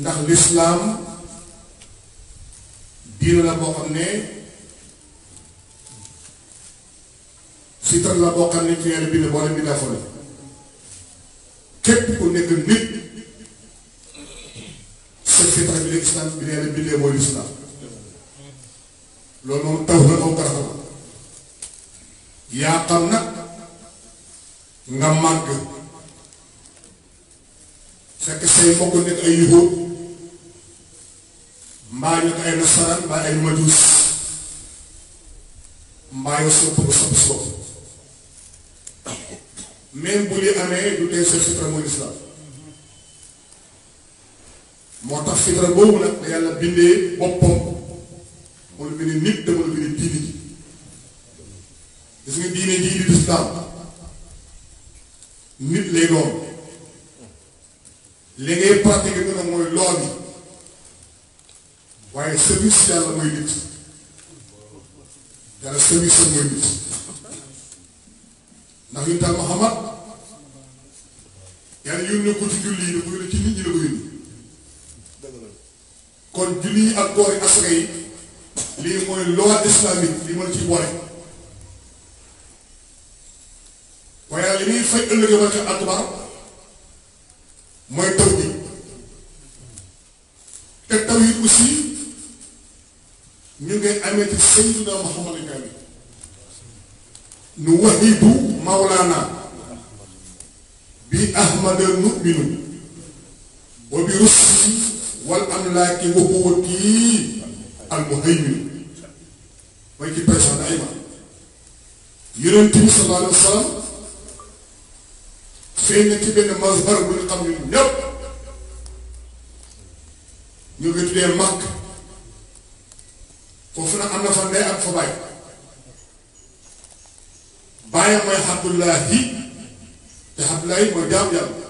ndax lislaam diine la boo xam ne sitar la boo xam ne ci yàlla bi bindee mooy lislaam loolu moom taw la aw garab la yaa xam nag nga màgg fekk say mbokk nekk ay yuhóot mbaa ay nasaraan mbaa ay majuus mbaa yow sopp ba sopp sopp bu li amee du tey sa fitra mooy islam moo tax fitra boobu nag yàlla bindee boppam moo la bindee nit te moo bindee diine ji gis nga diine ji di nit lay doon li ngay pratiquer bi nag mooy loo bi waaye service yàlla mooy nit yàlla service mooy nit ndax yu taal Muhammad yàlla yónnee ko ci julli yi la ko yónnee ci nit ñi la ko yónnee kon julli yi ak koor yi asaka yi lii mooy loi islamique li mën ci boole waaye li muy fay ëllëgee wàllu atubar. mooy taw bi te taw yi aussi ñu ngay amee ci Seydina Muhammad Kaamil nu wahibu mawlaana bi ahmada nu'minu wa bi rusli wal amlaaki wa huwa kii al muhaymin mooy ci personne ay ma yonent bi sallallahu alayhi wa sallam feeñ na ci benn mazhar bu ñu xam ne ñëpp ñu ngi tuddee màkk foofu nag am na fa ndey ak fa bàyyi bàyyi mooy xabdullahi te xabdullahi mooy jaam yàlla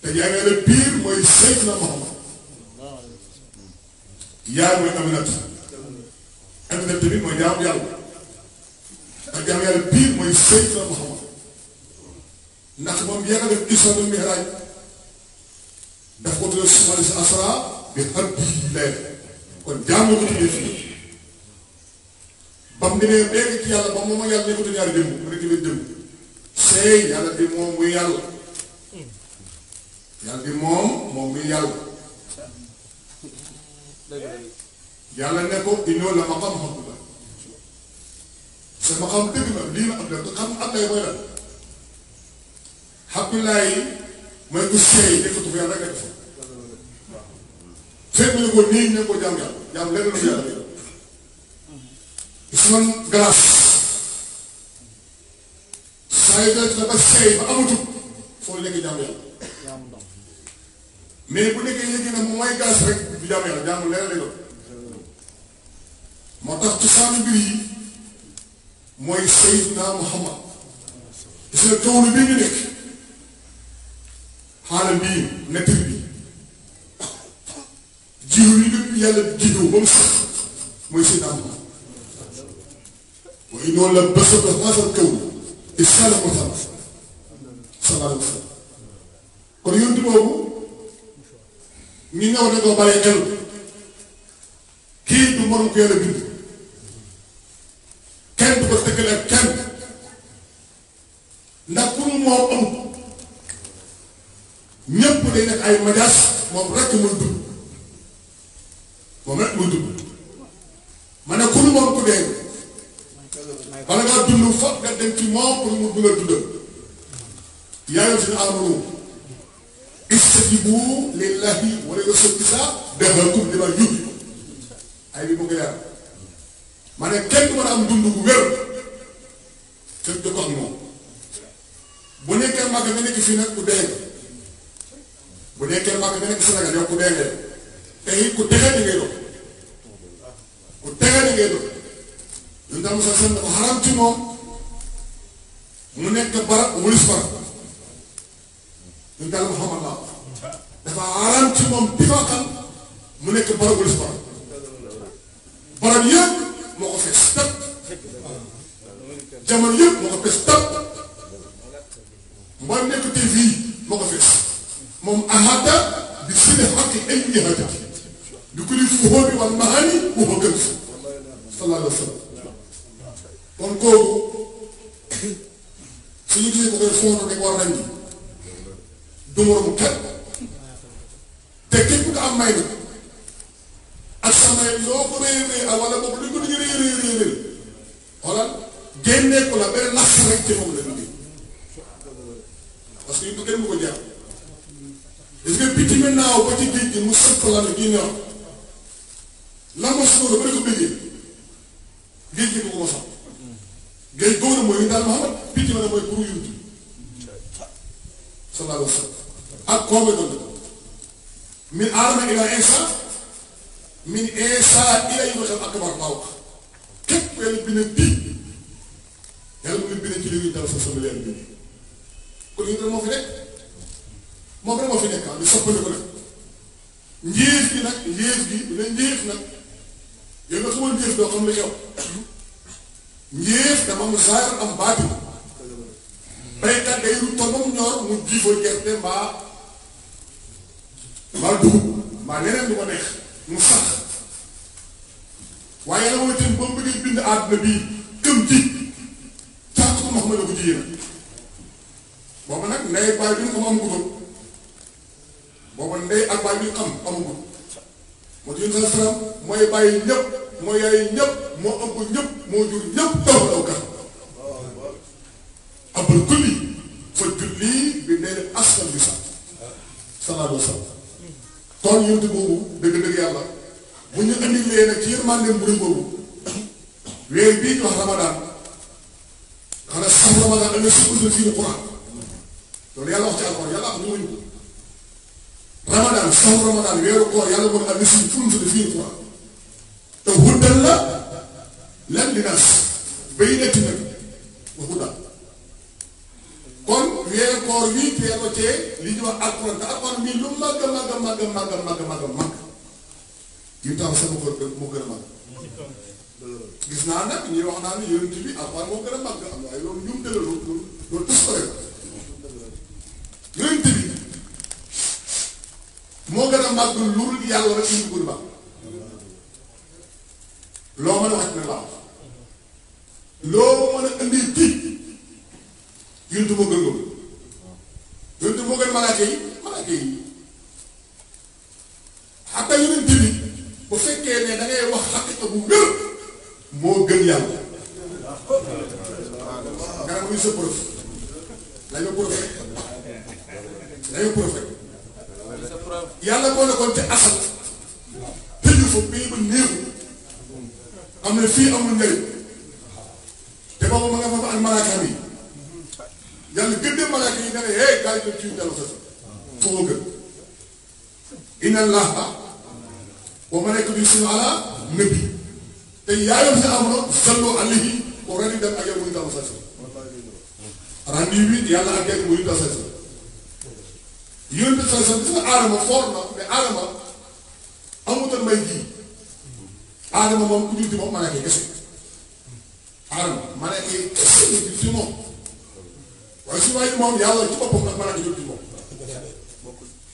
te jaamee la biir mooy sëyt na Muhammad yaay mooy aminat aminat tamit mooy jaam yàlla te jaam yàlla biir mooy sëyt na Muhammad ndax moom yéen a def isra wal mi'raj daf ko tuddee subhaana asra bi abdihi laylan kon jaam nga ko tuddee fii ba mu demee léegi ci yàlla ba mu nekk yàlla di moom muy yàlla yàlla di moom moom muy yàlla yàlla ne ko innoo la dëgg la lii la Abdullah xam Abdullah mooy lan Abdoulaye mooy ku seey nekkatu fa yàlla rek nekk fa. seetlu na ko nii ñu saa yu def dafa seey ba amatul foo nekk jàmm yàlla mais bu nekkee yëg na moo tax ci saanu mbir yi mooy Seydina Muhammad gis nga toolu bi ñu nekk. xaaral bii nettir bi jiw yi ñu yàlla jiw ba sax mooy si dàmm mooy noonu la bés a bés xaasal kaw te saa sax salaam kon yonti boobu ñu ñëw ne ko bàyyi kii du morom ko yàlla bind kenn du ko tëkkale ak kenn ndax pour moom am ñépp day nekk ay majaas moom rekk mën dugg moom ma ne ku moom ku dee bala ngaa dund foog nga dem ci moom pour mu bëgg a dundal yaayam suñu amanu istajibu lillahi wa li rasul isa dahakum li ma yubbi ay bi mu ko ma ne kenn mën a am dund bu wér te du moom bu nekkee mag nga nekk fii nag ku dee bu dee kër Màkka nga nekk Sénégal yow ku dee ngeen te it ku texe di ngay doon ku texe di ngay doon ñun tam sa seen dafa xaram ci moom mu nekk barab wulus barab ñun daal Muhammad laa dafa xaram ci moom difaaqan mu nekk barab wulus barab barab yëpp moo ko fees tëb jamono yëpp moo ko fees tëb mbaa nekk tey fii الشهادة بسنة حق إنجهاجة لكل الفهود والمعاني وهو جلس صلى الله عليه وسلم ونقول suñu gisee ko koy fóotu di war nañ di du morom kat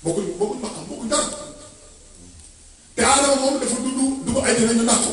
bokkuñ bokkuñ ma xam bokkuñ dara te aadama moom dafa dund dugg àjjana ñu nax ko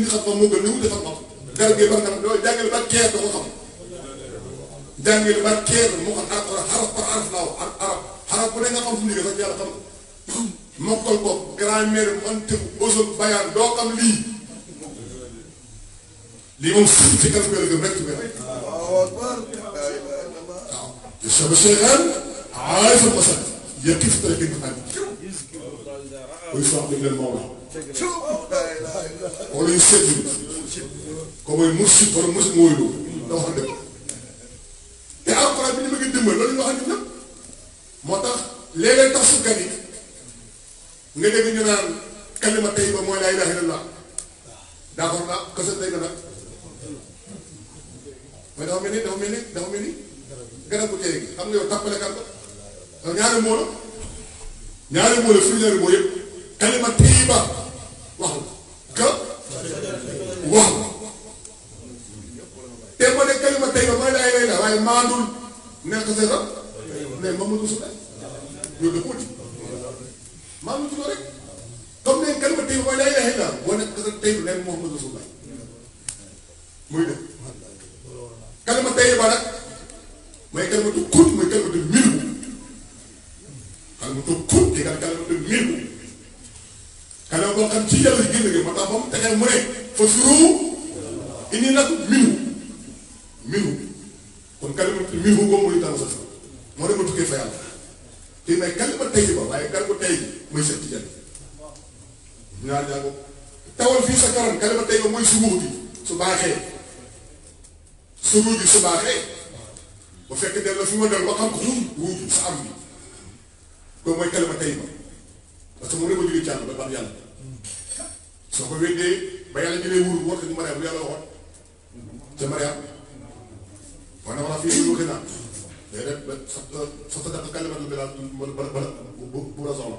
li xam-xam moo gën ñu wuti xam-xam jàngil ba xam loolu jàngil ba keer da ko xam jàngil ba keer moo xam alquran xaraf par xaraf laaw ak arab xaraf bu ne nga xam fu mu jógee sax yàlla xam mokkal ko grammaire mantiq usul bayaan doo xam lii lii moom si calcul gëm rek ci benn waaw يشرب الشيخان عارف المسألة يقف تركيب الحاجة ويصعد إلى المولى wala yu seddu comme musi wala musi mooylu da wax dëgg te alxuraan bi ñu bëgg dimbal loolu ñu wax nit ñëpp moo tax léeg-léeg tax su gan yi nga dégg ñu naan kalima tey ba mooy laa ilaaha illallah d'accord naa kese tey ba nag mais dafa mel ni dafa mel ni dafa mel ni garab bu tey gi xam nga yow tàppale kan la ñaari moo la ñaari moo la fii ñaari moo yëpp kalima tey ba wax la waaw te ma ne kalima tey ba ma ne ay lay la waaye maandul nekk sa sa mais moom la ko suufee loolu dafa wuti maandul ne kalima tey ba ma ne ay lay la boo nekk sa tey bi nekk moom la ko kalima tey ba nag xanaa boo xam ci yàlla génn gi moo tax ba mu texee mu ne fa suru indi nag minu minu kon kalimatu minu boobu mooy dara sax moo dem ba tukkee fa yàlla te may kalima ba waaye ba mooy suruux bi su baaxee suruux bi su baaxee bu fekk dem la fi ma del ba xam ko ruuj ruuj sa am bi loolu mooy kalima tey ba parce que moom la ma jëlee càmm ba ban yàlla soo ko weddee ba yàlla jëlee wóor wóor ko ci Mariam lu yàlla waxoon ca Mariam wax na ma la fii lu waxee naa day def ba sa sa sa dàq kalimatu bi daal bala bala bu bu la soxla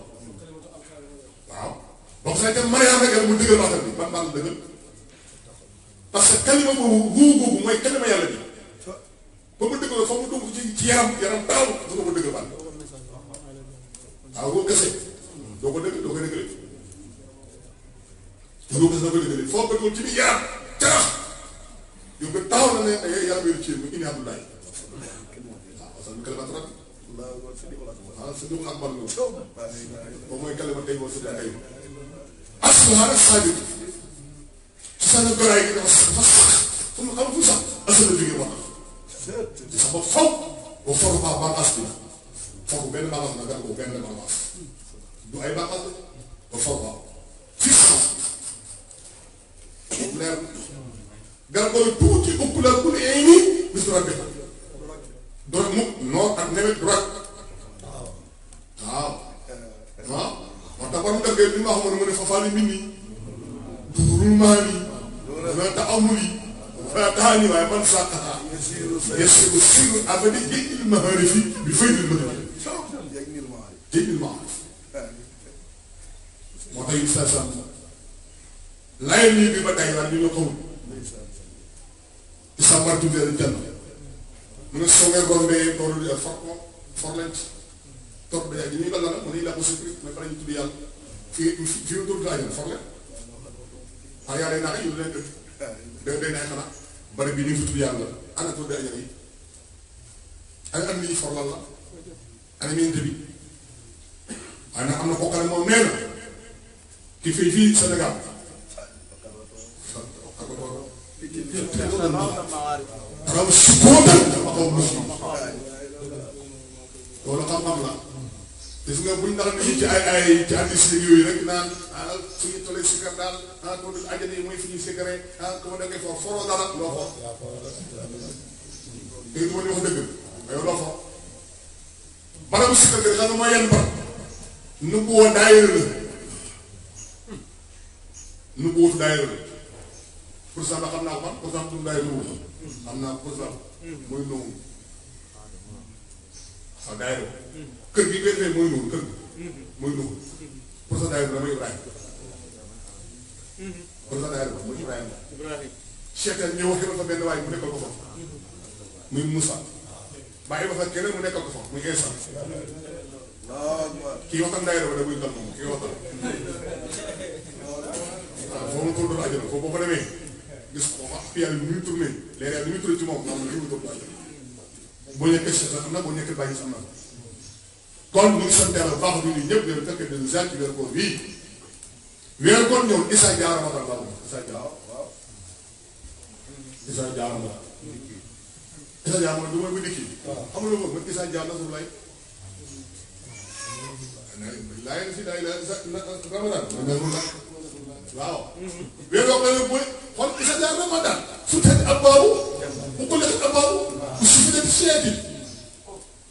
waaw. donc say dem Mariam rek mu dëggal waxtaan bi ban baax la dëggal parce que kalima boobu wuu boobu mooy bi ba mu dëggal fa mu dugg ci ci yaram yaram daaw du ko mu dëggal ban waaw boo gësee. doo ko dëgg doo ko dëggale doo ko doo ko dëggale foo ko doon ci biir yaram carax yow nga taxaw na ne da ngay yàlla wéru ci mu indi Abdoulaye waaw asal kalimat rabbi ah sa dugg ak barke moom mooy kalimat tey boo si daan tey asalaana saabit ci sa goraay gi dafa sax dafa sax fu mu am fu sax asal la jógee wax ci sa bopp faw ba foog baax baax as bi foog benn baax na gàtt ko benn baax du ay bàqal ba faw ba fii mu leer garab boobu tuuti ëpp la ku ne ay nii bis ràbbi ko doon mu noor ak nawet rag waaw waaw waaw wax dëgg borom dëgg li ma waxoon ne ma ne fafaali nit ñi duuru maa nii dana ta amul yi dana taa nii waaye man sàkk yasiru siru abadi jéggi maharifi bi fay dil moo tax sa sam layoon nii bi ba day war ñu la ko wut isa martu bi al janna mu ne soo ngay gombee boru de for forlent topp bi ni bal la mu ne la ko sukri mais pare ñu tudd yàlla fii fii tur daa jël forlent waaye na naa yu leen de day day naa bari bi ni fi tudd yàlla ana tur daa jël yi am ni forlal la ana ñeent bi waaye am na kooku moom mo na di fii fii Sénégal. raw si kóobal xaw ma fi loolu la gis nga buñ dara nit ñi ci ay ay ci àddis yooyu rek naan ah fu ñu tollee sikar daal ah kon àjjana yi mooy fi ñuy sikaree ah ku ma déggee foofu foroo dara loo ko. dégg nga li wax dëgg yow loo ko. maanaam sikar bi xam nga mooy ba nu ko woo daayira la. nu mu wut daayira la pourcent ba xam naa ko man pourcent bu daayira wut mooy noonu waaw kër gi benn mooy noonu kër gi mooy noonu pourcent daayira la mooy Ibrahima pourcent daayira la mooy Ibrahima Cheikh ñëw wax ba fa benn waay mu nekkal ko fa muy Moussa bàyyi ba fa keneen mu nekkal ko fa muy Insa kii moom la ko doon àjjana foofu boo ko demee gis ko wax fi yàlla muy tourné leer yàlla muy tourné ci moom naan li mu doon àjjana boo nekk sa am na boo nekk bàyyi am na kon ñu ngi sant yàlla baax ñu ñëpp di leen fekk di zaat ci weer koor bii weer waaw. weer yoo xam ne mooy xool isa jaar ramadan futtati abbaaru mu ko bu si fi nekk seeti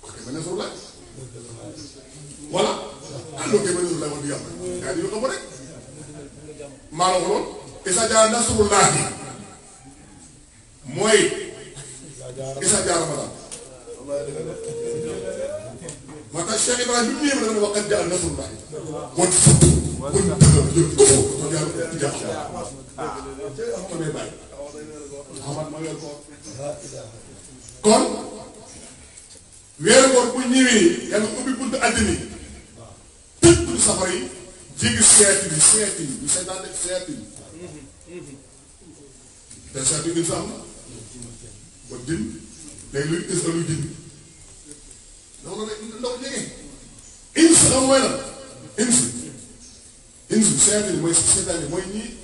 wax dëgg mën na suul laaj voilà ah loolu kay mën na suul laaj wax isa jaar nasrullahi mooy moo tax Cheikh Ibrahima bi mu ñëwee dama ne waqad jaa nasrullahi wal fath kon jël kufo kon yàlla ko jàpp ko day bàyyi ubbi buntu àddina yi tëj buntu safara yi jéggi seet bi seet yi ñu seetaan def seet yi te seet yi sax ba din léegi luy gis luy dama doon ne ndox jege. ins xam mooy lan ins ins seetaan mooy seetaan bi mooy ñii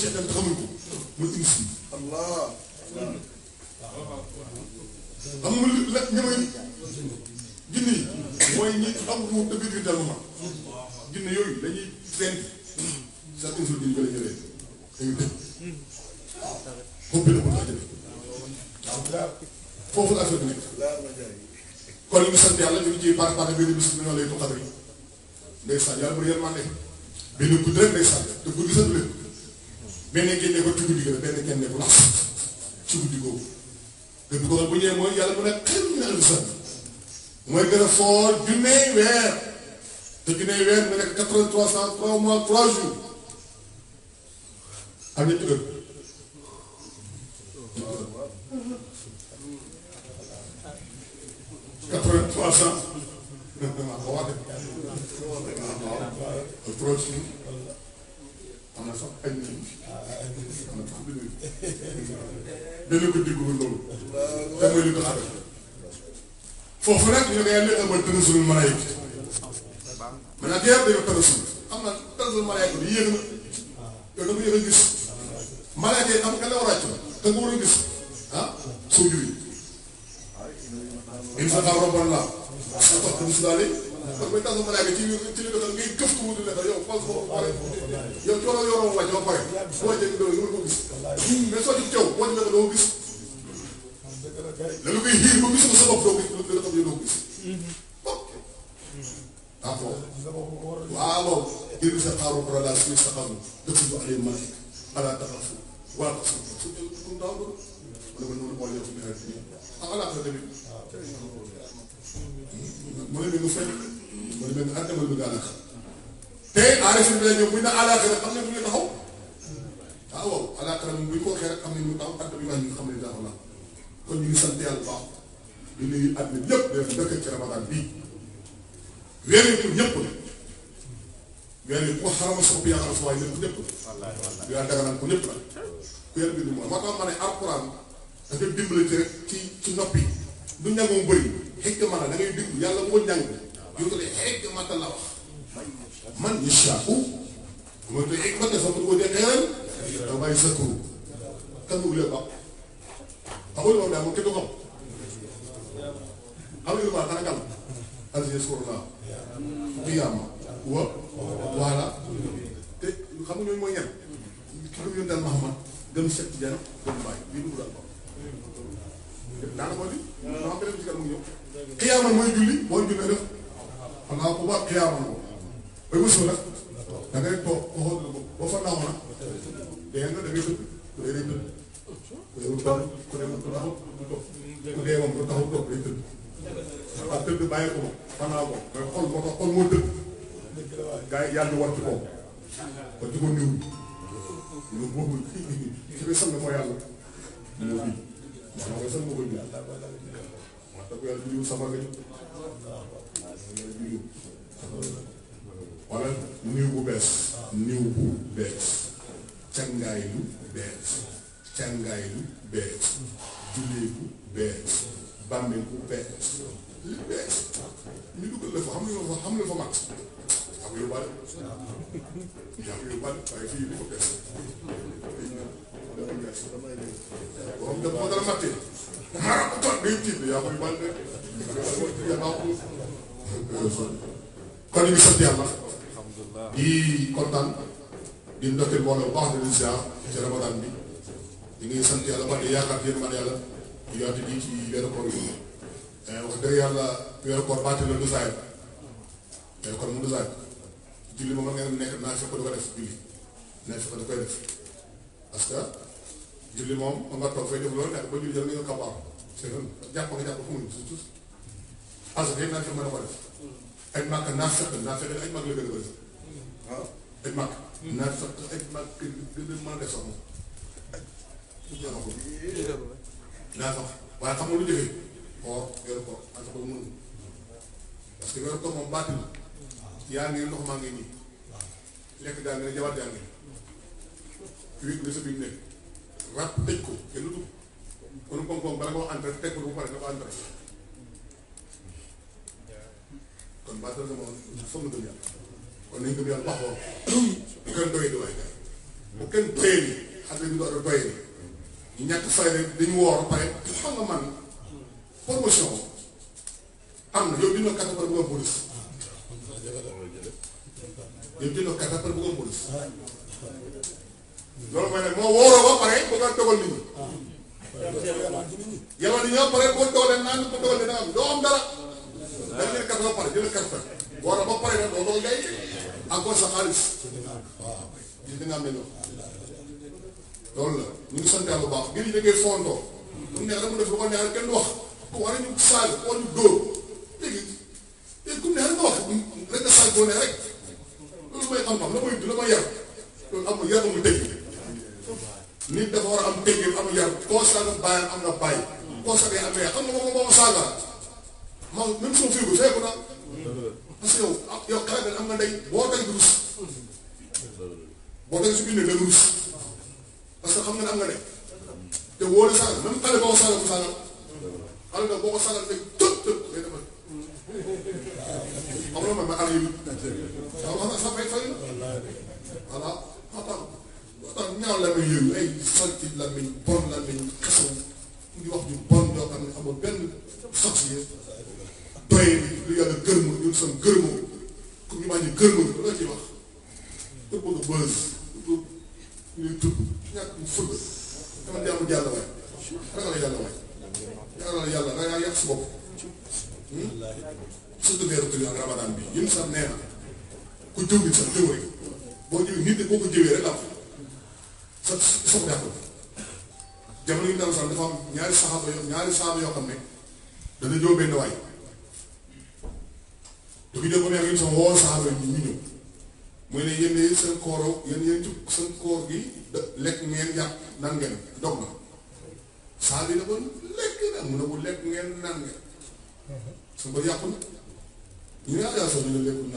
seetaan te xamuñ ko allah. xam nga lu la ñeme yi mooy ñi am moom dëgg dëgg dal ma jinne yooyu dañuy fent sa ins bi ñu ko la jëlee dañuy dem la ko tax jëlee kon ñu ngi sant yàlla ñu ngi ciy baax a baax benn bis bu ñu lay tuqadri ndeysaan yàlla bu yéen man ne benn guddi rek ndeysaan te guddi sax du leen benn génne ko ci guddi gi la benn ko laas ci guddi googu bu ñëwee mooy yàlla bu ne xel ñu ne sax mooy gën a foor mois trois jours 83 ans am na sax ay nit am na sax benn benn guddi gu loolu te mooy li ko xaar foofu nag ñu ne yàlla ëmbal tanasul malaayik mais nag yàlla dañoo tanasul xam naa tanasul malaayik bi yéeg na yow da nga yéeg a gis malaayik yi am nga la war a te nga war a gis ah soo juri insataa rabbana atak msdali kon bañ tasa malaaka ci ci li doon ngay gëf ko wutu ne yow fal ko pare yow coono yoroo wàcc ba pare boo jëg doo yow ko gis mais soo ci teew boo ci nekk doo gis la lu koy xiir ba gis ko sa bopp doo gis lu la xam ne doo gis d'accord waaw loolu jël sa xaaru rabbana suñu saxaru dëkk ju alee malik ala taxafu waaw kum daaw doon mu ne ko noonu boole ci nawet bi ah ala fa tamit mu ne mu fay mu ne benn ànd bi daanaka te aarif bi la ñëw buñ ne alaaka rek am na lu ñu taxaw ah waaw alaaka rek buñ ko waxee rek am na lu taxaw ànd bi ñu xam ne taxaw la kon ñu ngi sant yàlla baax di nuyu àddina bi yëpp def dëkk ci ramadan bii weer yi pour ñëpp la weer yi ku ko xarama sopp yàlla sa waay ñëpp ñëpp la yaa daganaan ko ñëpp la weer bi du moom moo tax ma ne ci ci ci noppi du ñangoo bëri xëgg ma la da la te ma la sax ko dee xeeral da bàyyi sa tur kan mu lépp ah xam amul lu mooy ñan ki gëm yoon daal Muhammad gëm Cheikh Tidiane gëm Baye bii dugg daal baax daana moo di non beneen bi ci kanam mu ñëw xiyaamal mooy julli boo jullee def allahu akbar xiyaamal moom bay wësoo nag da ngay toog boo xool na boo fa naaw nag dee nga da ngay tëdd ku dee day tëdd ku dee wut baax ku dee wut taxaw du toog ku dee moom du taxaw toog day tëdd waaw tëdd bàyyi ko fanaa ko mooy xol moo tax xol moo tëdd gars yi yàlla war ci kaw kon ci ko néew lu boobu ki koy sant mooy yàlla. moo fi. moo koy bi. yàlla julliwul sama nga jóg. niw bu bees. niw bu bees. cangaay bees. cangaay bees. jullee bees. bàmmeel bees. li bees. ñu dugal la fa xam ne fa xam ne fa mat. am yu bari am yu bari ko def moom dafa dara ko toog day tiit di kontaan di ndokkeel mbooloo baax na di ziar ci ramadan bi di ngay sant yàlla ba di yaakaar yéen man yàlla di yaatu ji ci weeru koor yi eh, wax dëgg yàlla weeru koor baati la du saay eh, kon mu julli moom nga nekk naa fekk du ko def julli naa fekk du koy def parce que julli moom mën nga toog fay def loolu nekk julli jël nga kabaar c'est vrai jàpp nga jàpp fu mu ko def ay màkk naa fekk naa def sax moom ko en tout parce que yor ko moom baatil yaa ngi ndox maa ngi nii lekk daa ngi ne jabar daa ngi ne wékk nga sa biir nekk rab tëj ko kenn du kon koom-koom bala nga wax entre teg ko bu pare nga ko entre kon baatal sama foog na gëm yàlla kon nañ gëm yàlla baxoo kenn doyee di waay bu kenn doyee ni xale bi ñàkk fay rek dañu woor pare xam nga man promotion am na yow dina kàttan ba police yow jëndoo carte pare bëggoon police loolu mooy ne moo wóoroo ba pare bëgg a dogal nit ñi yàlla ni ñoo pare boo dogalee naan boo dogalee da nga am doo am dara da nga jënd carte ba pare jënd carte wóoroo ba pare nag doo dogal ngay encore sa xaalis waaw yéen da nga am ne loolu la ñu ngi sant yàlla bu baax ngir ñu déggee fondoo mu neex rek mu def lu ko neex kenn du wax ku war a ñu saal wala ñu dóor léegi léegi ku neex rek nga wax rek nga saal boo ne rek loolu mooy xam-xam la mooy la mooy yar loolu amul yar amul dëgg nit dafa war a am dëgg ma même soo fiigu feeku na parce que yow ah, yow xale am nga ndey boo day ruus boo day su indee da ruus parce que xam nga ne am nga ndey te wóor na saaga même xale boo ko boo ko saaga fekk tëb عمرنا ما قال لي انا صبعي طيب انا خطر خطر ñaaw la muy yëngu ay salti la muy bon la muy xasaw ñu wax ju bon doo xam ne amul benn sax yi doye lu yàlla gërëmul ñun sam gërëmul comme ñu maa ñu gërëmul la ci wax te bëgg bëz ñu tudd ñàkk fëgg dama jaamu jàll waay ragal yàlla waay ragal yàlla da ngaa yàq sa bopp surtout weeru kër yi ak ramadan bi yéen sax nee na ku jëw nit sax jëw boo jëwee nit boo ko jëwee rek am sa sox jàppul jamono yi ñu dafa am ñaari saxaaba yoo ñaari xam ne dana jëw benn ko jëw ba mu ñëw mooy ne yéen seen kooroo yéen yéen ci seen koor gi da lekk ngeen yàq nan dog na saxaaba yi da ko lekk ngeen nan su ba yàqu na ñu ne Aliou Sow ñu mu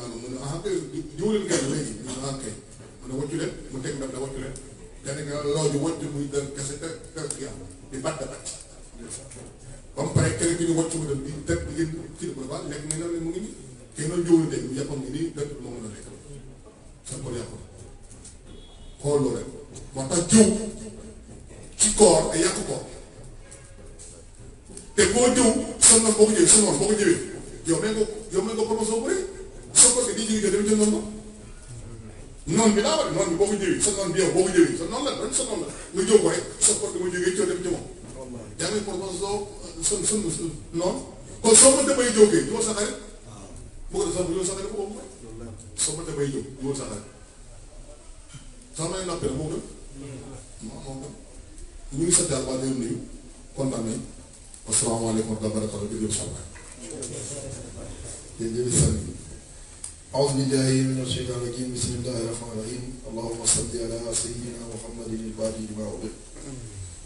nga loo ji wàccu muy dem kese te mu pare keneen ki ñu wàccu mu dem di teg di ci ba ba lekk nga ne mu ngi nii kenn doon jiw leen mu yàppam ngi nii dëkk bi moo mën a sa ko yàqu xool loolu moo tax jiw ci koor ay yàqu koor te boo jëw sonn na boo ko jëwee sonn boo ko jëwee yow may nga yow may nga promotion bu rëy soo ko di jiw te dem jëndoon ko noonu bi daa war noonu bi boo ko jëwee sa noonu bi yow boo ko jëwee sa noonu la ren sa noonu la nga jëw ko rek sa porte ma jógee coo dem ci moom yaa ngi promotion son son noonu kon soo ko damay jëw kay jëwal sa xarit bu ko def sax jëwal sa xarit boobu soo ko damay jëw jëwal sa xarit sax may noppi la moo gën moo gën ñu ngi sant yàlla baax na yow nuyu kontaan nañ asalaamaaleykum wa rahmatulah jërëjëf Samba jërëjëf Samba. أعوذ بالله من الشيطان الرجيم بسم الله الرحمن الرحيم اللهم صل على سيدنا محمد الباقي لما أغلق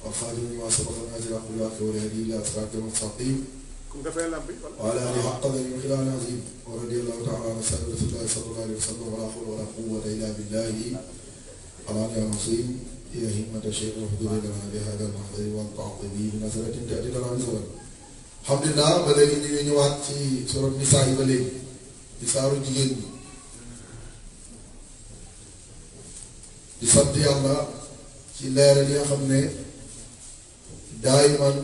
والخادم لما سبق من نازل أخلاق والهدي إلى أسرار المستقيم وعلى آله حق من خلال عظيم ورضي الله تعالى عن سيدنا رسول الله صلى الله عليه وسلم ولا حول ولا قوة إلا بالله العلي العظيم إلى همة الشيخ وحضور لنا بهذا المحضر والبعض به بنظرة تأتي لنا بصورة الحمد لله ba léegi ñu ngi ñëwaat ci sura nisaa yi ba léegi di saaru di sant yàlla ci leer yi nga xam ne daay man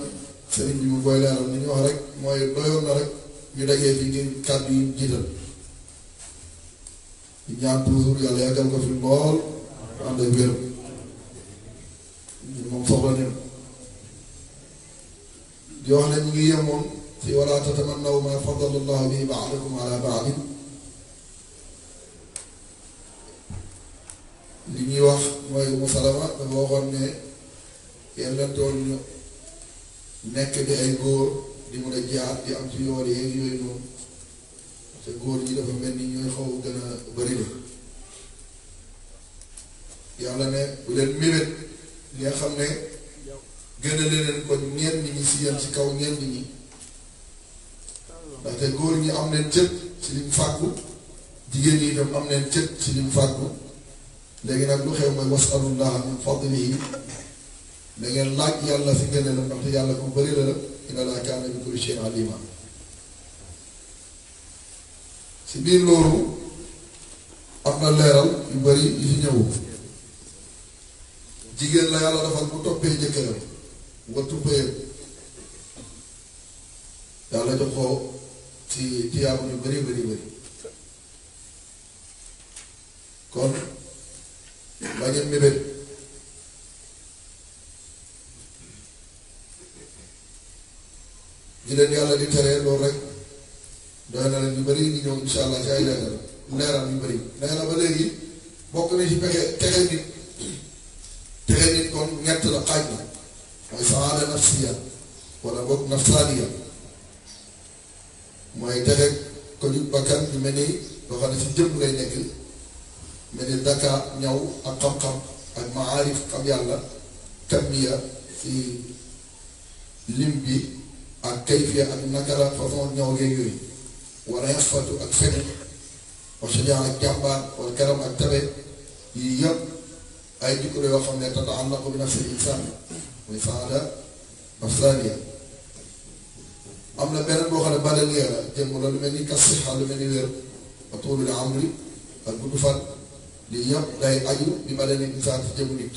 sëriñ bi mu koy leeral ni ñu wax rek mooy doyoon na rek ñu dajee fi ngir yi jiital di ñaan toujours yàlla yàggal ko fi lool ànd ak wér moom foofu la dem di wax ne ñu ngi yemoon ci wala tatamannaw ma fadala allahu bi baadakum ala baadin li ñuy wax mooy Umu Salama dafa waxoon ne yàlla doon ñu nekk di ay góor di mën a jaar di am ci yoon yeeg yooyu noonu te góor ñi dafa mel ni ñooy xaw gën a bëri la yàlla ne bu leen mébét li xam ne gën a leen ko ñenn ñi si yem ci kaw ñenn ñi ndaxte góor ñi am leen cët ci lim fàggu jigéen ñi itam am leen cët ci lim fàggu léegi nag lu xew mooy wasalullaha min nii da ngeen laaj yàlla fi ngeen la ndaxte yàlla ko bëri la la inna laa kaana bi kulli shay'in alima si biir loolu am na leeral yu bëri yu fi ñëw jigéen la yàlla defal bu toppee jëkkëram nga tuppee yàlla jox ko ci tiyaabu yu bëri bëri bëri kon bañ a mébét di leen yàlla di teree loolu rek doy na leen yu bëri di ñëw insha allah ci ay leeral leeral yu bëri nee na ba léegi bokk na ci pexe texe nit léegi nit kon ñett la xaaj na mooy saada nafsiya wala boog nafsaaniya mooy texe ko ñu bakkan ñu mel ni loo xam ne si jëmm lay nekk mel ni daka ñaw ak xam-xam ak maarif xam yàlla kammiya si lim bi ak kayfiya ak naka la façon ñaw geeg yooyu wala yafatu ak fene wa sajaa ak jàmbaar wala karam ak tabe yii yëpp ay jikko la yoo xam ne tata àllaqu bi nafsi insaan muy faala nafsaaniya am na beneen boo xam ne badaniya la jëmm la lu mel ni kas sixa lu mel ni wér wa tuulul amri ak gudd fan lii yëpp day aju di badani insaan si jëmm nit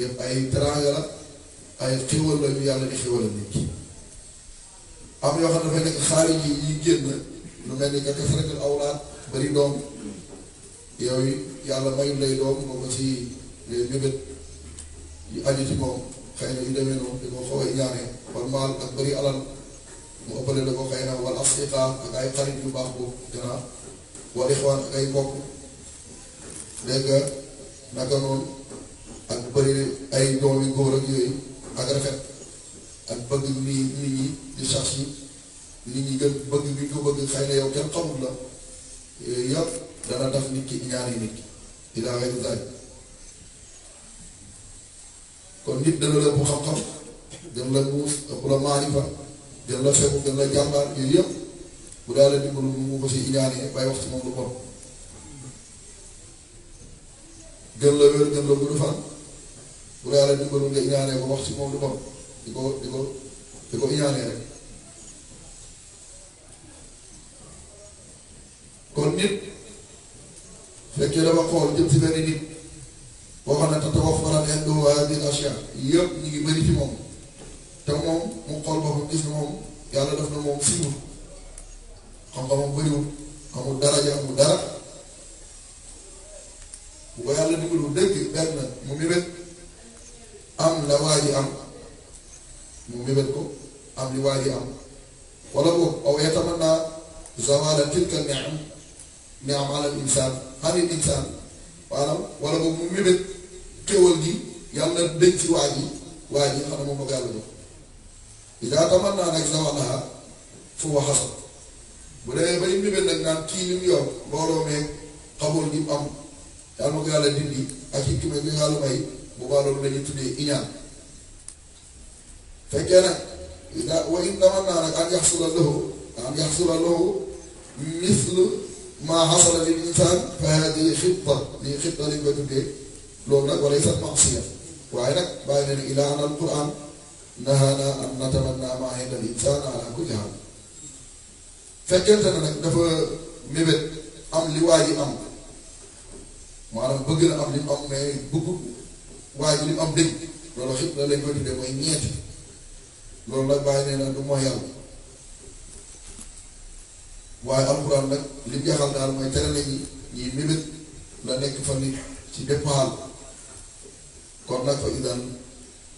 yëpp ay teraanga la ay xéwal la ñu yàlla di xéwal nit am yoo xam ne dafay nekk xaarij yi yi génn lu mel ni ka kasratul awlaad bëri doom yooyu yàlla mayul lay doom moom ci léeg-léeg yu aju ci moom xëy na yu demee noonu di ko xaw a ñaane wal maal ak bëri alal mu ëppale la ko xëy na wal asdiqaa ak ay xarit yu baax boobu gannaaw wal ixwaan ak ay mbokk dégg nga naka noonu ak bëri ay doomi góor ak yooyu ak rafet ak bëgg nii nit ñi di sax si nit ñi gën bëgg bi ñu bëgg xëy na yow kenn xamul la yooyu yëpp dana def nit ki ñaari nit ki ilaa xayri zaalik kon nit dana la bu xam-xam dana la muus ëpp la maarifa dana la fegu dana la jàmbaar yooyu yëpp bu daal la dimbalu mu ko si iñaanee bàyyi wax ci moom lu bon gën la wér gën la gudd fan bu daal ko di ko di ko di ko iñaanee rek kon nit fekkee dama xool jëm si benn nit وأنا ومن أن عنده هذه الاشياء يبني يبني في موم تمام من قلبه في موم يلا دفن موم فيه قام قام بريو قام درجة قام درجة ويلا نقول دقي بدنا مميت أم لواجي أم مميتكو أم لواجي أم ولو أو يتمنى زوال تلك النعم نعم على الإنسان هذه الإنسان maanaam wala boobu mu mébét xéwal gi yàlla na dëñ fi waa ji waa ji xanaa moom la ko yàlla jox idaa tamannaa nag zawalaha fu wa xasab bu demee bay mébét nag naan kii li mu yor mbooloo meeg xabool gi mu am yàlla na ko yàlla ak yi kime gi yàlla may bu baax la ñuy tuddee iñaan wa in tamannaa nag an yaxsula lahu an yaxsula lahu ما حصل للإنسان فهذه خطة هي خطة لبدو به لولا وليست معصية وعينك باين إلى أن القرآن نهانا أن نتمنى ما عند الإنسان على كل حال فكرتنا نك دفا مبت أم لواي أم ما أنا na أم li mu am mais bëggul waaye li mu am dëgg loolu xit la lañ ko tuddee mooy ñeenti waaye alxuraan nag li ñu yaxal daal mooy tere nañu ñuy mébét la nekk fa nit ci bépp xaal kon nag fa idan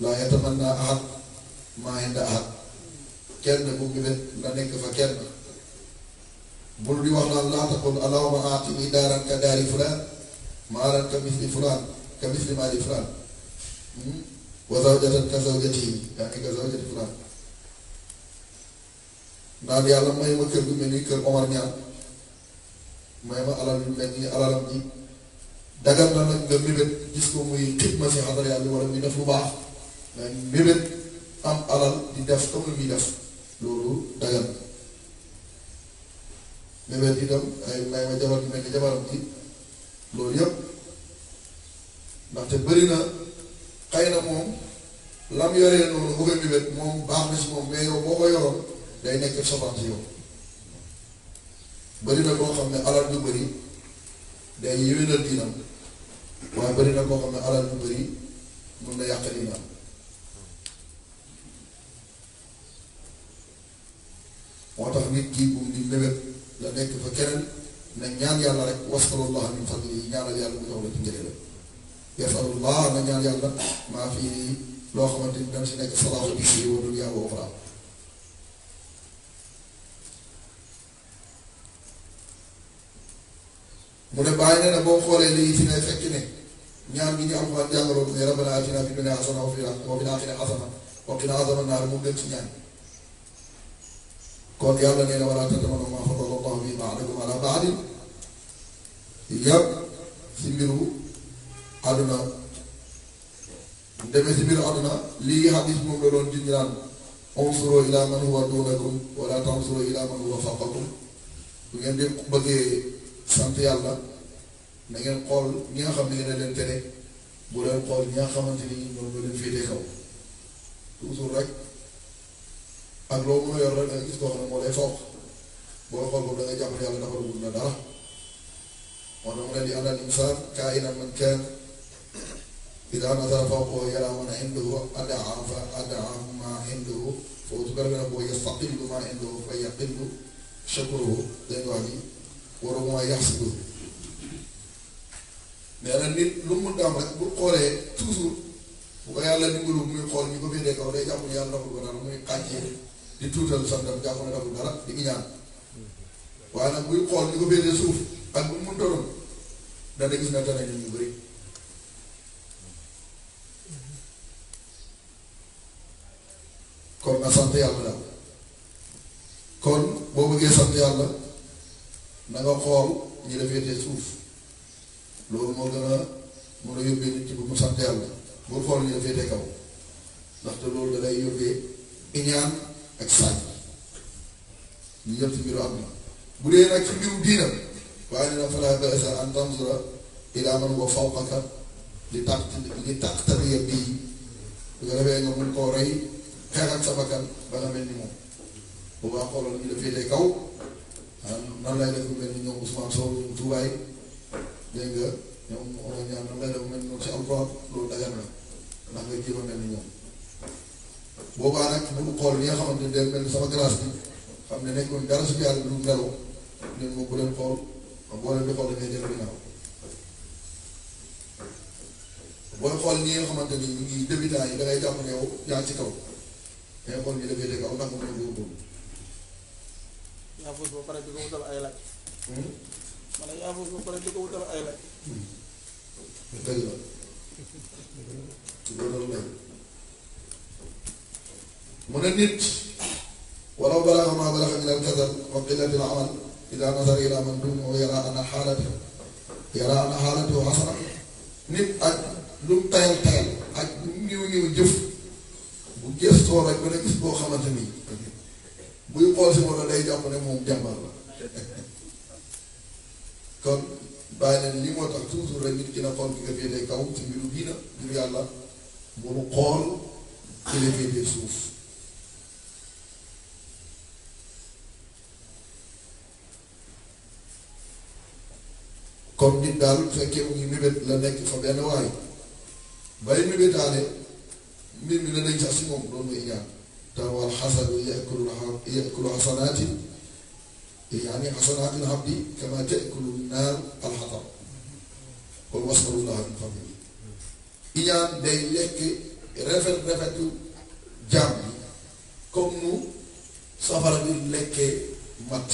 laa yatamanna ahad maa inda ahad kenn bu mébét la nekk fa kenn bul di wax naan laa taqul allahumma aatini daaran ka daari fulaan maalan ka misli fulaan ka misli maali fulaan wa zawjatan ka zawjatihi yaani ka zawjati fulaan naan yàlla may ma kër gu mel ni kër Omar Niang may ma alal yu mel ni alalam ji dagal na nag nga mébét gis ko muy xit ma si xadar yàlla wala muy def lu baax mais mébét am alal di def comme lu muy def loolu dagal mébét itam ay may ma jabar yu mel ni jabaram ji loolu yëpp ndaxte bëri na xëy na moom lam yoree noonu bu koy mébét moom baax na si moom mais yow boo ko yoroon day nekk soban ci yow bëri na koo xam ne alal bu bëri day yéwénal diinam waaye bëri na koo xam ne alal bu bëri mun na yàq diinam moo tax nit kii bu di mébét la nekk fa keneen na ñaan yàlla rek wasalullah min fadlihi ñaanal yàlla mu jox la ci njëriñ la yasalullah na ñaan yàlla maa fi loo xamante ni dana si nekk salaahu bihi wa dunya wa uxra mu ne bàyyi nee na boo xoolee lii fi ne fekk ne ñaan gi ñu alxuraan jàngaloon ne rabbana atina fi dunya hasana wa fil aaxirati hasana wa qina azaban naar moom dem ci ñaan kon yàlla nee na wala tatamannaw maa faddala allahu bihi ba'dakum ala ba'din yàpp si mbiru àdduna demee si mbiru àdduna lii xadis moom la doon junj naan unsuru ila man huwa dunakum wala tansuru ila man huwa fawqakum bu ngeen di bëggee sant yàlla na ngeen xool ñi nga xam ne dina leen tere bu leen xool ñi nga xamante ni ñoom ñoo leen féete kaw toujours rek ak loolu moo yor rek da nga gis koo xam ne moo lay foog boo xool boobu da nga jàpp yàlla dafa dugg na dara moo tax mu ne di àndal insaan kaa ina man kenn إذا نظر فوقه يرى من عنده أدعى فأدعى ما عنده فأتكلم هو يستقل ما عنده فيقل شكره ni waroo mooy yàq si loolu nee na nit lu mu dam rek bu xoolee toujours bu ko yàlla dimbalu muy xool ñu ko féetee kaw day jàpp yàlla daful ko dara muy xàccee di tuutal santam jàpp ne daful dara di ñaan gis na dana ñu ñu bëri. kon na sant yàlla daal kon boo bëggee sant yàlla. na nga xool ñi la féetee suuf loolu moo gën a mën a yóbbee nit ci bu mu sant yàlla bul xool ñi la féetee kaw ndaxte loolu da lay yóbbee iñaan ak saaj ñu yëpp ci mbiru am na bu dee nag ci mbiru diina waaye nee na falaa ba'sa an tanzura ilaa man huwa fawqaka li tax li tax tariya bii bu ko defee nga mën koo rey xeexal sa bakkan ba nga mel ni moom bu baax xoolal ñi la féetee kaw nan lay def bu mel ni ñoom Ousmane Sow ñoom Toubaay dégg nga ñoom Omar Niang nan lay def bu mel ni ñoom a boobaa nag bu mu xool li nga xamante ne day mel ni sama classe bi xam ne nekkul dara su yàlla du melu ñun boo xool dangay jël nga xamante ni ñu yi da ngay jàpp ne yow yaa ci kaw da ngay defee dégg aw ndax mu ngi góorgóorlu yaafus ba pare di ko wutal ay laaj. Hmm? ma ne yaafus ba pare di ko wutal ay laaj. dëgg hmm. la. dëgg la. mu ne nit. walaw balaga maa nit ak lu mu tayal ak lu ñëw ñëw jëf bu gëstoo rek ba ne gis boo xamante ni. buy xool si moom day jàpp ne moom jàmbaar la kon bàyyi leen li moo tax toujours rek nit ki na xool ki nga féetee kaw ci mbiru diina ngir yàlla bu mu xool ki la féetee suuf kon nit daal bu fekkee mu ngi mébét la nekk fa benn waay bay mébétaale mbir mi la dañ sax si moom loolu may ñaan تروى الحسن يأكل يأكل حصنات يعني حصنات الحب كما تأكل النار الحطب قل واسأل الله من فضله إذا داي لك رفت رفت جامي كم نو سفر لك مات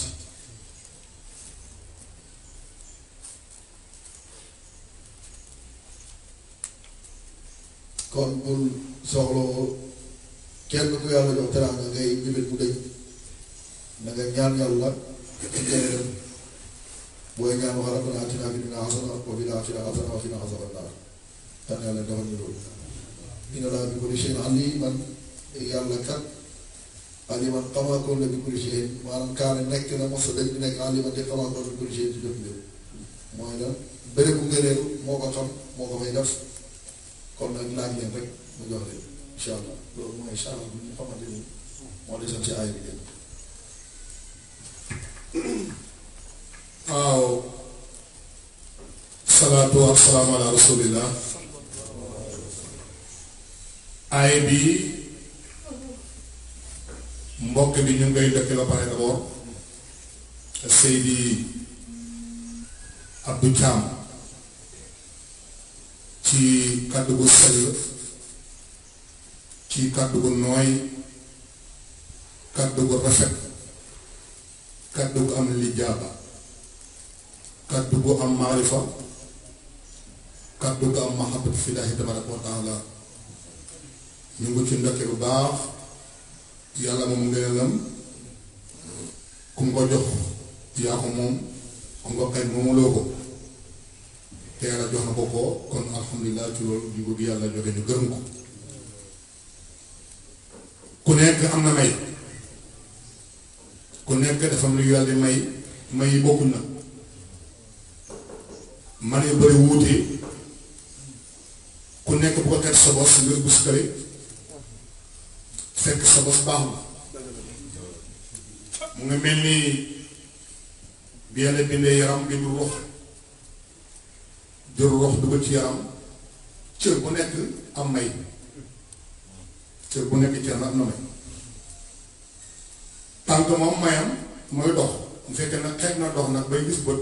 كون بول سولو kenn ku yàlla jox teraanga ngay ñibit bu dëñ na nga ñaan yàlla ci njëriñam booy ñaan wax rabbana atina fid dunya hasana wa fil akhirati hasana wa qina adhaban nar tan yàlla defal ñu loolu inna laa bi kulli shay'in aliman yàlla kat aliman xamaakoon la bi kulli shay'in maanaam kaane nekk na mos dañ bi nekk aliman te xamaakoon bi kulli shay'in ci jëf lépp mooy la bérébu ngëneel moo ko xam moo ko fay def kon nag laaj leen rek mu jox leen incha allah loolu mooy charme bi nga xamante ni moo desoon ci aaya waaw salaatu wa salaamu ala rasulillah mbokk bi ñu ngay dëkk la pare d'abord Seydi Abdou Thiam ci kàddu bu sell ci kàddu gu nooy kàddu gu rafet kàddu gu am lijaaba kàddu gu am maarifa kàddu gu am mahabbatu fillaahi tabaraka wa taala ñu ngi ci ndokke bu baax yàlla moom ngëneelam ku mu ko jox yaa ko moom ku mu ko xañ moomuloo ko te yàlla jox na ko kon alhamdulilah ci loolu ñu bëgg yàlla joxe ñu gërëm ko ku nekk am na may ku nekk dafa am lu yàlla may may yi bokkul na man yu bëri wuute ku nekk bu ko teg sa nga bus fekk sa bos baax na mu ngi mel ni bi yàlla bindee yaram bi du rox jël rox dugal ci yaram cër bu nekk am may cër bu nekk cër na na may tànk moom mayam mooy dox mu fekkee nag xeex na dox nag bay gis bët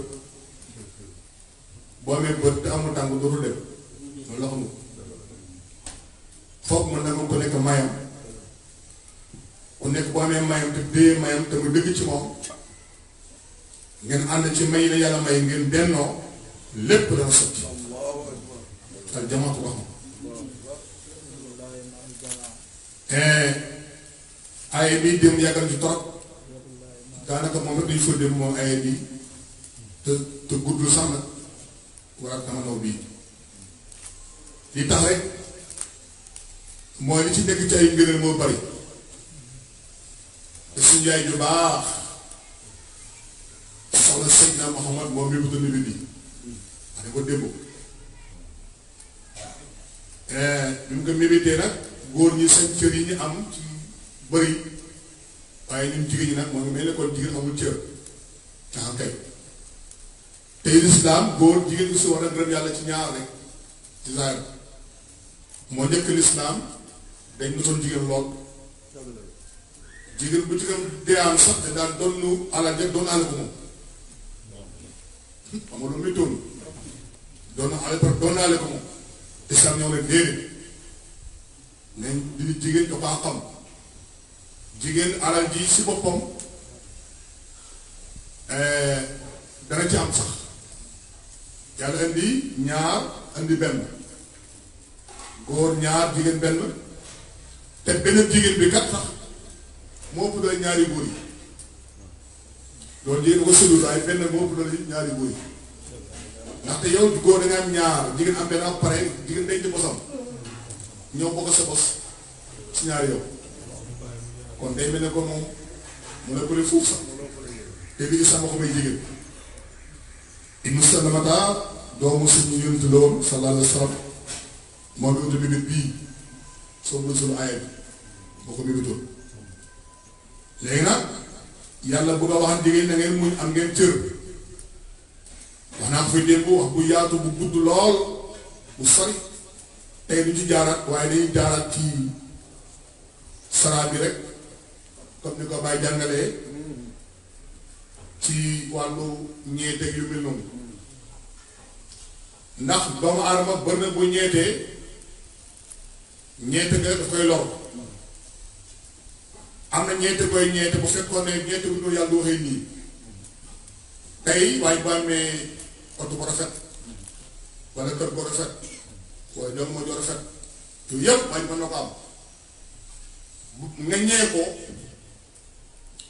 boo amee bët te amul tànk dootul dem loolu la xamul foog mën na ko nekk mayam ku nekk boo amee mayam te dee mayam te mu dëgg ci moom ngeen ànd ci may la may ngeen bennoo lépp dana sotti al jamaatu ba Eh, aye bi démb yàgg na ci daanaka moom rek dañu fa démb moom aye bi te te guddul sax nag wala dama naw bii li tax rek mooy li ci nekk ci ay ngëneel moo bari te suñu yaay ju baax soxna Seydina Muhammad moom mi ko dund bi nii wax ne ko démb eh, bi mu ko mébétee nag góor ñi seen cër yi ñu am ci bëri waaye ñun jigéen ñi nag moo ngi mel ne kon jigéen amul cër taxaw kay tey lislaam góor jigéen ñi si war a gërëm yàlla ci ñaar rek ci zaahir moo jigéen lool jigéen bu jigéen dee am sax dañ daan doon nu alal rek doon alal ko moom xam nga lu muy doon doon alal par doon alal ko moom islam ñëw rek déedéet nañ li jigéen da kaa xam jigéen alal ji si boppam eh, dana ci am sax yàlla indi ñaar indi benn góor ñaar jigéen benn te benn jigéen bi kat sax moo ëpp doon ñaari góor yi loolu jigéen ko sëlul ay benn moo ëpp doon ñaari góor yi ndaxte yow góor da am ñaar jigéen am benn ak pare jigéen dañ ci bosam ñëw bokk sa bos si ñaar yow kon day mel ne ko moom mu la bëri foofu sax te sax ma ko may jigéen ibnu salamata doomu suñu yonent loolu sallallahu alayhi wa sallam moo bi uti bibit bii soo mën suñu aaya yàlla bëgg a wax jigéen na ngeen muñ am ngeen cër wax naa ko fi démb wax bu yaatu bu gudd lool bu sori tey du ci jaaraat waaye day jaaraat ci saraa bi rek comme ni ko Baye jàngalee ci wàllu ñeete yu mel noonu ndax doomu aadama bër na bu ñeetee ñeete nga daf koy lor am na ñeete koy ñeete bu fekkoon ne ñeete bu dul yàlla du nii tey waaye bu amee oto bu rafet wala kër bu rafet waaye doon moo joo rafet yooyu yëpp man mën na ko am nga ñee ko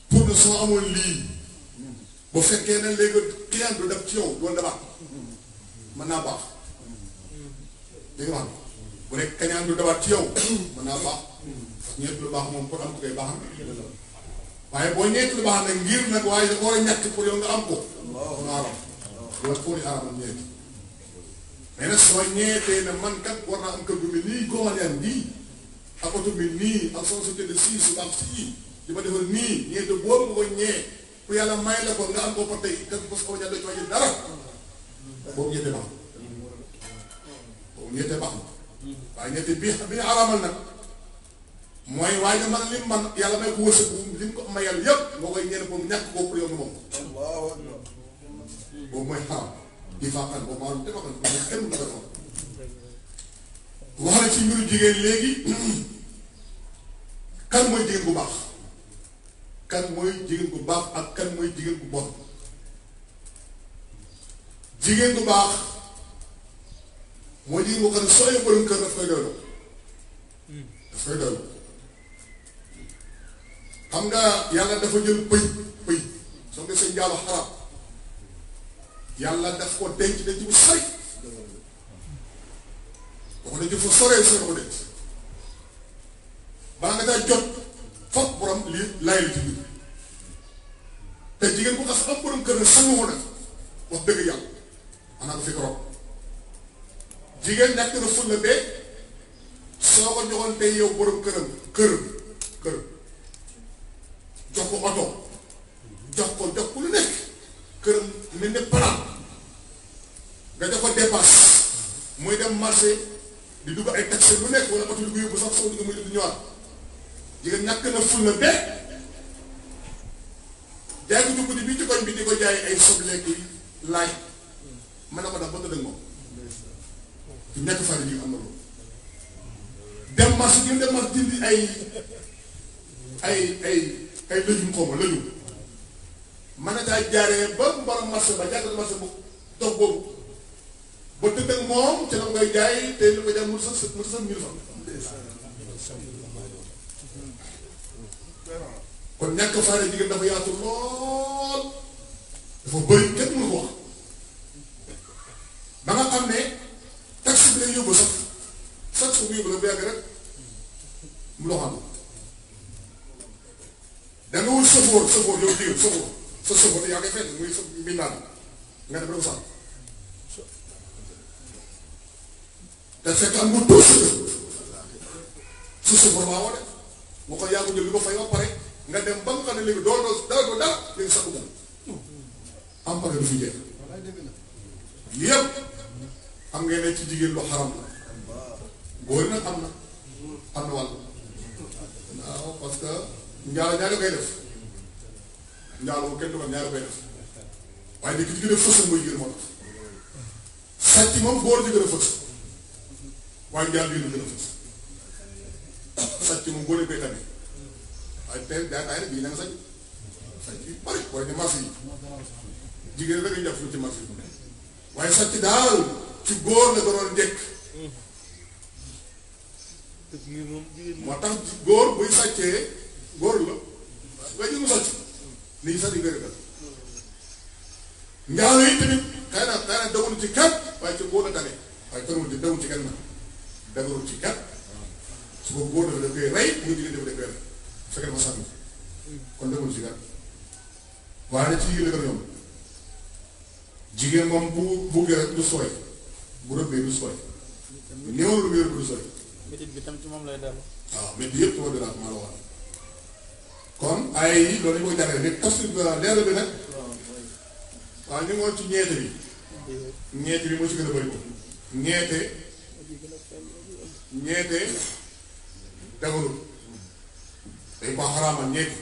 pour ne soo amoon lii bu fekkee ne léegi client du def ci yow doon dabax mën naa baax dégg nga wax bu nekk kañaan du dabaat ci yow mën naa baax ñeent lu baax moom pour am ko koy baax na boo ñeent lu baax nag ngir nag waaye da ko war a pour yow nga am ko waaw loolu pour ñu aaramoon ñeent mais nag soo ñeetee ne man kat war naa am kër gu nii goxaneem nii ak bi nii ak sama société sii su am sii di ma defal nii ñeente boobu nga ko ñee ku yàlla may la ko nga am ko ba tey kat parce que ñaata coono dara boobu ñeente baax na boobu ñeente baax na waaye ñeente bi bi ñu araamal nag mooy waaye man li man yàlla may ko wërsëg li mu ko mayal yëpp moo koy ñeent moom ñàkk ko pour moom boobu mooy xaram. difaaxan wa maarum defaqan ci mbiru jigéen léegi kan bu baax kan mooy jigéen bu baax ak kan mooy bu bon jigéen baax mooy jigéen boo xam ne soo xam nga yàlla dafa jël pëy pëy soo ko sa njaalo xaraam yàlla daf ko denc denc bu sori boo ko denc fu soree sori ko denc balaa nga daa jot foog borom lii laay la ci te jigéen bu xas am borom kër na sangu ko nag wax dëgg yàlla maanaam ko fi trop jigéen nekk na ful la bee soo ko joxoon tey yow borom këram kër kër jox ko oto jox ko jox ko lu nekk këram mel ni palaam nga jox ko dépasse muy dem marché di dugg ay taxi bu nekk wala oto di ko yóbbu sax soxna nga muy dugg ñëwaat jigéen ñàkk na ful na be jaay ko dugg di bii ci koñ bi di ko jaay ay soble ki laaj mën na ko def ba tëdd ak moom ñàkk fànn yi dem marché gi ay ay ay ay lëjum xaw lëjum mën na daa jaaree ba borom marché ba jàkkaarloo marché bu dox boobu ba dëkk ak moom ci la ngay jaay te li nga jaay mënut sa mënut sa mille franc kon ñàkk faale jigéen dafa yaatu lool dafa bëri kenn mënu ko wax ba nga xam ne taxi bi lay yóbbu sax sax su mu yóbbu sa suba yaa ngi fenn muy mbindaan nga dem rek de nga ko yaa jël li ko fay ba pare nga dem ba nga xam ne léegi doo doo dara doo dara léegi sax du am pare du fi jeex yépp am ngeen ne ci jigéen lu xaram la góor nag am na am na wàll parce que njaar ñaari koy def njaaloo kenn ko ñaar koy def waaye nag ki ci gën a moom góor a fës waaye njaal yéen moom jigéen a jàpp ci waaye sàcc daal ci góor la ko doon njëkk moo tax góor buy sàccee góor la waaye ñu ngi sàcc li ñi sax di nga ragal. njaaloo yi tamit xëy na xëy na dawul ci kat waaye ci góor la tane waaye tawul ci dawul ci ci kat su ko góor dafa da koy rey bu jigéen rey bu fekkee dafa sànni kon dawul ci kat waaye nag ci jigéen moom bu buggee rek du sooy bu rëbbee du sooy néew lu muy rëbb du sooy. métit bi tam ci moom lay dellu. waaw métit yëpp kon ay yi loolu ñu koy jàngale léegi tafsir bi nag waaw ñu ngi ci ñeete bi ñeete bi moo ci gën a bëri ko ñeete ñeete dagarul dañ ko xaraamal ñeete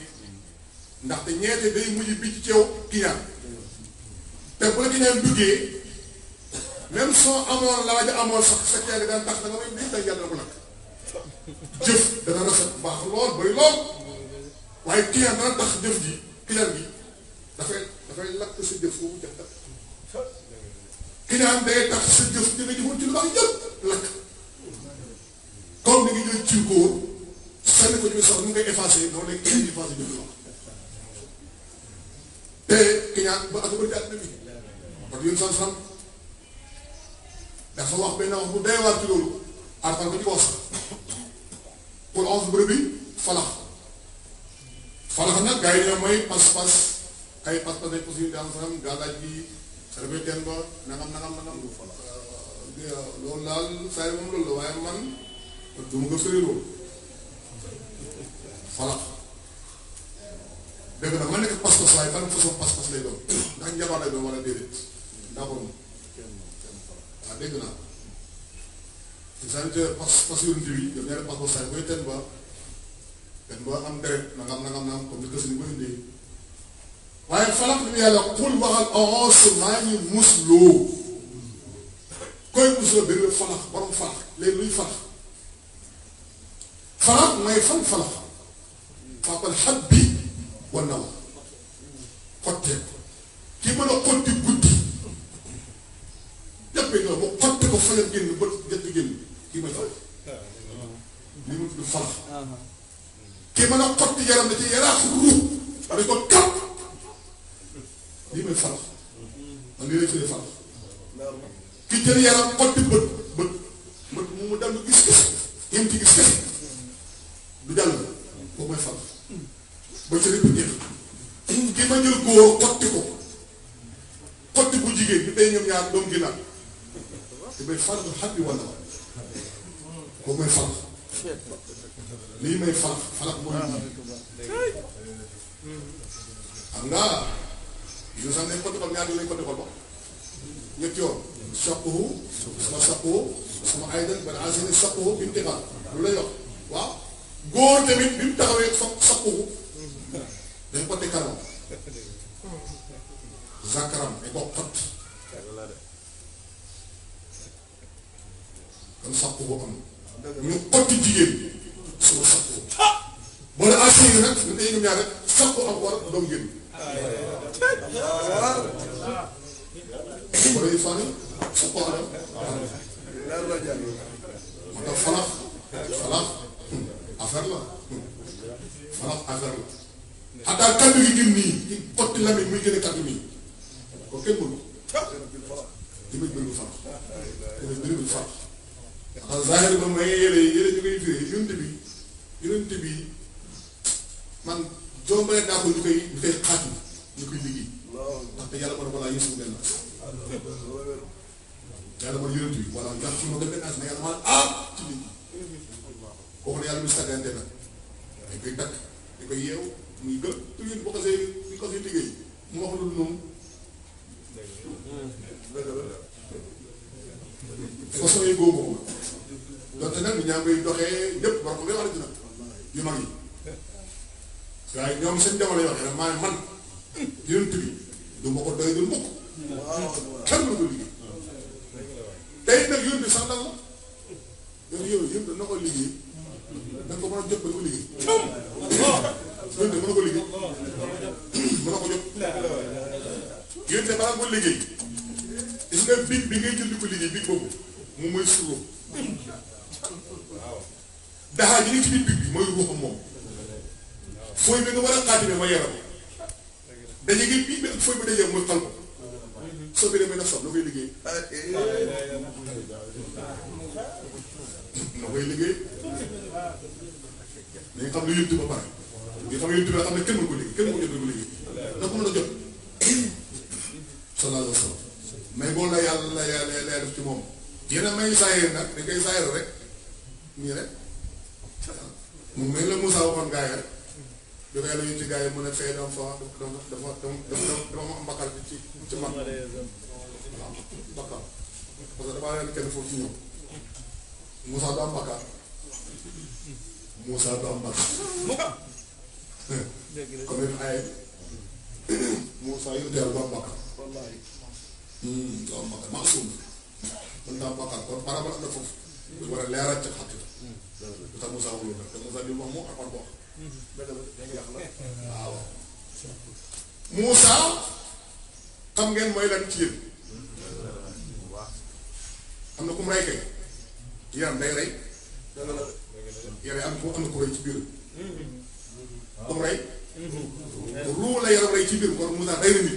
ndaxte ñeete day mujj bi ci ceew kiñaan te bu la kiñaan duggee même soo amoon la ja amoon sax sa ceeb daan tax da nga may lii day ko nag jëf dana rafet baax lool bëri lool waaye client dana tax jëf ji client bi dafay dafay lakk sa jëf foofu jax tak client day tax jëf dina jëfoon ci lu lakk comme ni ngi ñooy ciw kóor ko ñu sax nu ngay effacé noonu lay kenn effacé jëf la te client ba ak bi kon yéen san wax benn wax bu day waar wax pour onze bi falax falax nag gars yi ñoom mooy pas-pas ay pas-pas ay euh, euh, daan saa yi moom loolu la waaye man du ma ko sori loolu falax dëgg nag ma nekk pas-pas waaye ban façon pas-pas lay doon ndax njabar lay doon wala déedéet d'accord moom ah, waaw dégg naa te saa yu pas-pas yonent bi daf ñaari pas-pas saa yi koy teen ba dañ doo am deret nangam nangam nangam comme ni ko suñu bëri dee waaye falak bi yàlla xul waxal onze maa ngi musloo koy musloo bëgg falax borom falax léegi luy falax falax may fan falax fàppal xat bi war na wax xottee ko ki mën a xotti guddi jàppee ñoo mu xotti ko fayal génn ba jënd génn kii may falax lii ma tudd falax ki mën a xotti yaram da ci yaraax ruux dañ ko kap lii mooy falax man lii lay tuddee falax mu ci gis gis du jàll boobu mooy falax ko xotti bu jigéen bi day doom lii may falak falak mooy xam nga yu sax nañ ko defal ñaar lañ karam zakaram e ko xot kon saqu bu am ñu xotti jigéen suba sàkku boo leen assuré yi nag ñun dañuy ñoom ñaar rek sàkku am war doom génn. wala yu fànn sàkku adam. moo tax falax falax affaire la falax affaire la xataa kaddu gi gën nii ci côté Lamine muy gën a kaddu nii ko kenn mënu jëmee bëriwul farax jëmee bëriwul farax. xanaa zahir moom da ngay yére yére ñu koy firee yonte bi. yonent bi man jombale naa ko ñu koy ñu koy xaatim ñu koy liggéey ndaxte yàlla mën na wala yéen suñu benn yàlla mën yonent bi wala ndax suñu benn as na yàlla mën ah ci nit ñi kooku ne yàlla du sàggante nag dañ koy dakk dañ koy yeew muy gën te ñun boo ko see ñu ko see liggéey mu wax lu noonu façon yi góobu donte nag ñaa ngi koy doxee ñëpp war ko ngay wax dina yu mag yi waaye ñoom seen jamono yoo xam ne man yonent bi du ma ko doy du mukk kenn du ko liggéey tey nag yonent bi sax dal la yow yow yëpp dana liggéey da nga ko mën a jot liggéey yonent mën na ko liggéey mën na ko jot liggéey bi ngay jël di ko liggéey biig boobu daxaa ñu ngi ci biir big bi mooy ruuxu moom fooy bi nga war a xaatime mooy yaram daje ngeen bii bi ak fooy bi dajee mooy xal ko soo ko demee nag sax na koy ah, eh, eh. liggéey na koy liggéey dañu xam ne yëntu ba pare nga xam ne yëntu ba xam ne kenn mën ko liggéey kenn mën ko jot ko liggéey na ko mën a jot sallallahu alayhi wa sallam mais boo la yàlla la yàlla def ci moom yéen a may saayee nag dañ koy saayee rek nii rek moom lañ la Moussa waxoon gaa yi bi ngay lañu ci gaa yi mu ne fee dama fa dama dama dama am bakkal ci ci mag bakkal parce que damaa leen kenn foofu ci ñoom Moussa du am bakkal Moussa du am bakkal comme ni ay Moussa yu deel du am bakkal hmm, du am bakkal maa suum man du am bakkal kon bara ba am na foofu war a leeral ci xarit dëgg la Moussa wóorul nag te Moussa li mu wax moom ak man wax. dëgg la mooy lan ci yéen. am na ku mu rey kay. yaram day rey. dëgg la yaram am na ku rey ci biir. waaw ku mu rey. ci biir kon Moussa day rënd.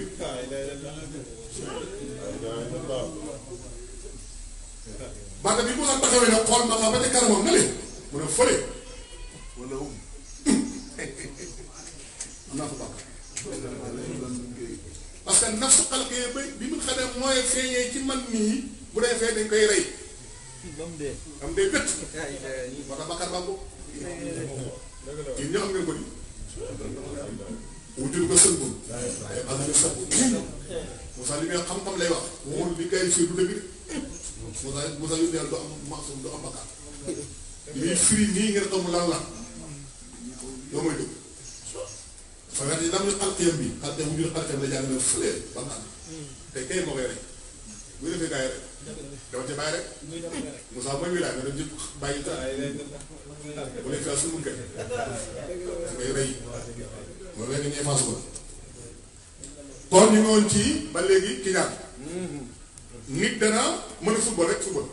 bàtt bi Moussa taxawee nag xool ba xam ba te kanamam leen. wala fële wala um am naa ko bàq parce que nafsu xalqee ba bi mu xam ne mooy feeñee ci man mii bu dee fee dañ koy rey am dee ko yéen ñoo xam ngeen ko di wutul ko sën boobu am na sën li muy xam-xam lay wax wóor li kay fii du dëgg Moussa Moussa yu neel am maasum lii firi nii ngeen doomu lan la loo may dugg fa nga ni lam bi xalqiyam bu jur xalqiyam la jàng na fële ba nga te kay moo koy rek bu defee gars yi rek ci bàyyi rek Moussa mooy wilaay nga dem jëpp bàyyi kër ngay rey mooy rek ñuy faasu ko kon ñu ngi woon ci ba léegi ki ñaan mm-hmm. nit dana mën a football rek football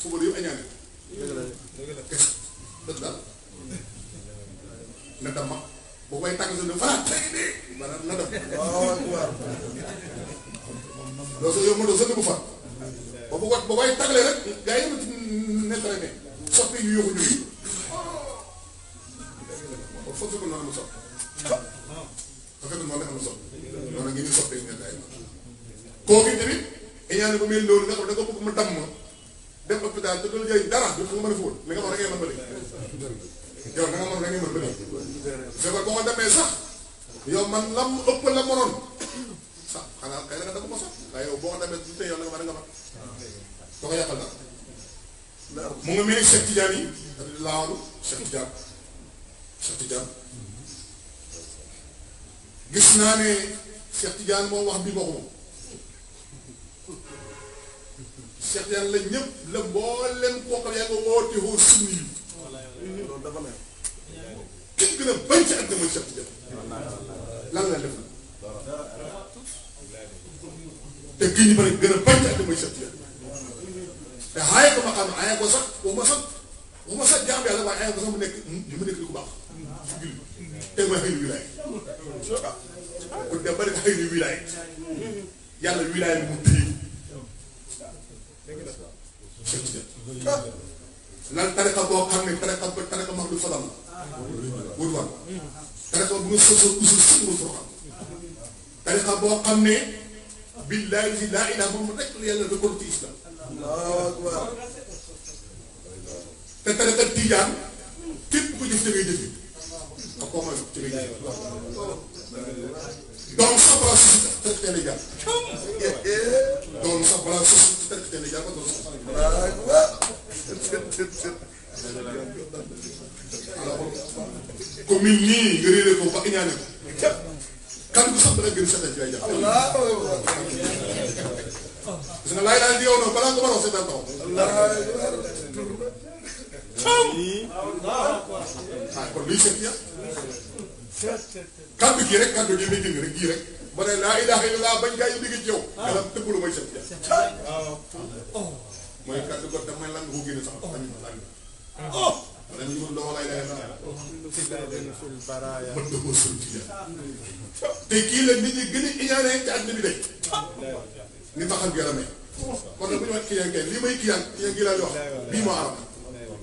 football yëpp añaane dëgg la na dama bu may tàgg sa ne faa maanaam na dama loolu sa yow ma doon sa dëgg fa ba bu wat ba way tàggalee rek gaa yi yëpp nekkale ne soppi yu yóbbu ñu kon foofu ko noonu mu soppi parce que noonu la am soppi noonu ngi ñu soppi ñu ne gaa yi kooku tamit iñaane bu mel loolu nga xam da nga bëgg mu damm dem hôpital te dul dara du nga mën a li nga wax ngay mën ba yow da nga mën ngay mën ba léegi ko demee sax yow man lam ëpp la moroon sax ah, xanaa kay nga dama ko sax waaye yow du yow nga nga ko Cheikh Tidiane Cheikh Tidiane Cheikh Tidiane gis ne Cheikh Tidiane moom wax bi seet yàlla ñëpp la mboolem koo xam yaa ngi woote woo sunni yi loolu dafa neex képp gën a bañ ci àddina mooy Cheikh Tidiane lan la def te kii ñu bëri gën a bañ ci àddina mooy Cheikh Tidiane te xaaye ko ma xam xaaye ko sax boo ma waaye xaaye ko mu nekk mu nekk li ko baax te mooy xëy na wilaay ah, ba nekk xëy na wilaay yàlla wilaay mu téye lan tariqa boo xam ne tariqa ba tariqa mag la wut wan tariqa bu nga sosoo usul si wut xam tariqa boo xam ne billaahi si laa ilaa moom rek la yàlla dëkkoon ci islam te tariqa tijaan képp ku gis da ngay jëfi ak koo xam ne doon sax balaa suuf tëkk teel a jàpp doon sax balaa suuf tëkk teel a jàpp doon sax commune nii nga réeré ko ba ñaane ko kan bu sax dana gën a seetal ci ay jàpp. parce que laaj daal di yow nag balaa nga mënoo seetal taw. ah kon luy seet ya kaddu gi rek kaddu gi lay génn rek gii rek ba ne laa ilaha illallah bañ gaa yi liggéey ci yow. kanam tëggulu mooy seen waaw mooy kaddu gox damay lan nga ko génne sax tamit lan nga. Oh. ma ne ñu mën te kii la nit ñi gën a iñaane ci àddina de. ni ma xam gën a may. kon nag bu ñu kii yaa ngi kii laa di bii moo aram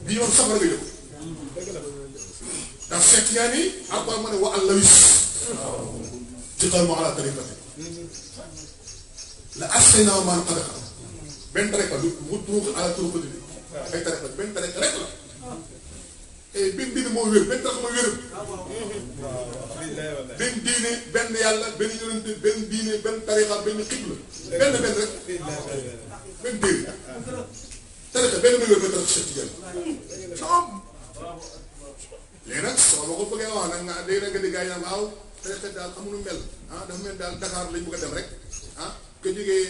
bii moom safara ngay def. ndax fekk yaa ni alquran mu ne wa an lawis tiqamu ala tariqati la asayna man qadaka benn tariqa du mu turuq ala turuqati bi ay tariqa benn tariqa rek la et benn diine moo wér benn tariqa moo wérul benn diine benn yàlla benn yonente benn diine benn tariqa benn xibla benn benn rek benn diine tariqa benn moo wér benn tariqa Cheikh Tidiane léegi nag soo ma ko bëggee wax nag nga léegi nag nga di gars yi naan waaw peut-être daal amuñu mel ah dafa mel daal Dakar lañ bëgg a dem rek ah ka jógee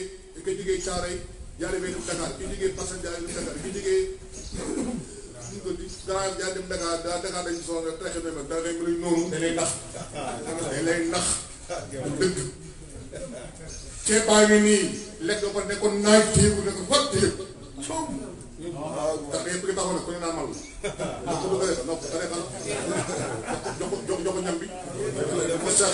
ko di dara jaaree nag da ngay mel ni da lay nax da lay nax du dëgg ceeb baa ngi waaw da ngay bëgg taxaw nag ku naa mal la ndax ko def ndox da ngay jox jox jox jox jox ko sax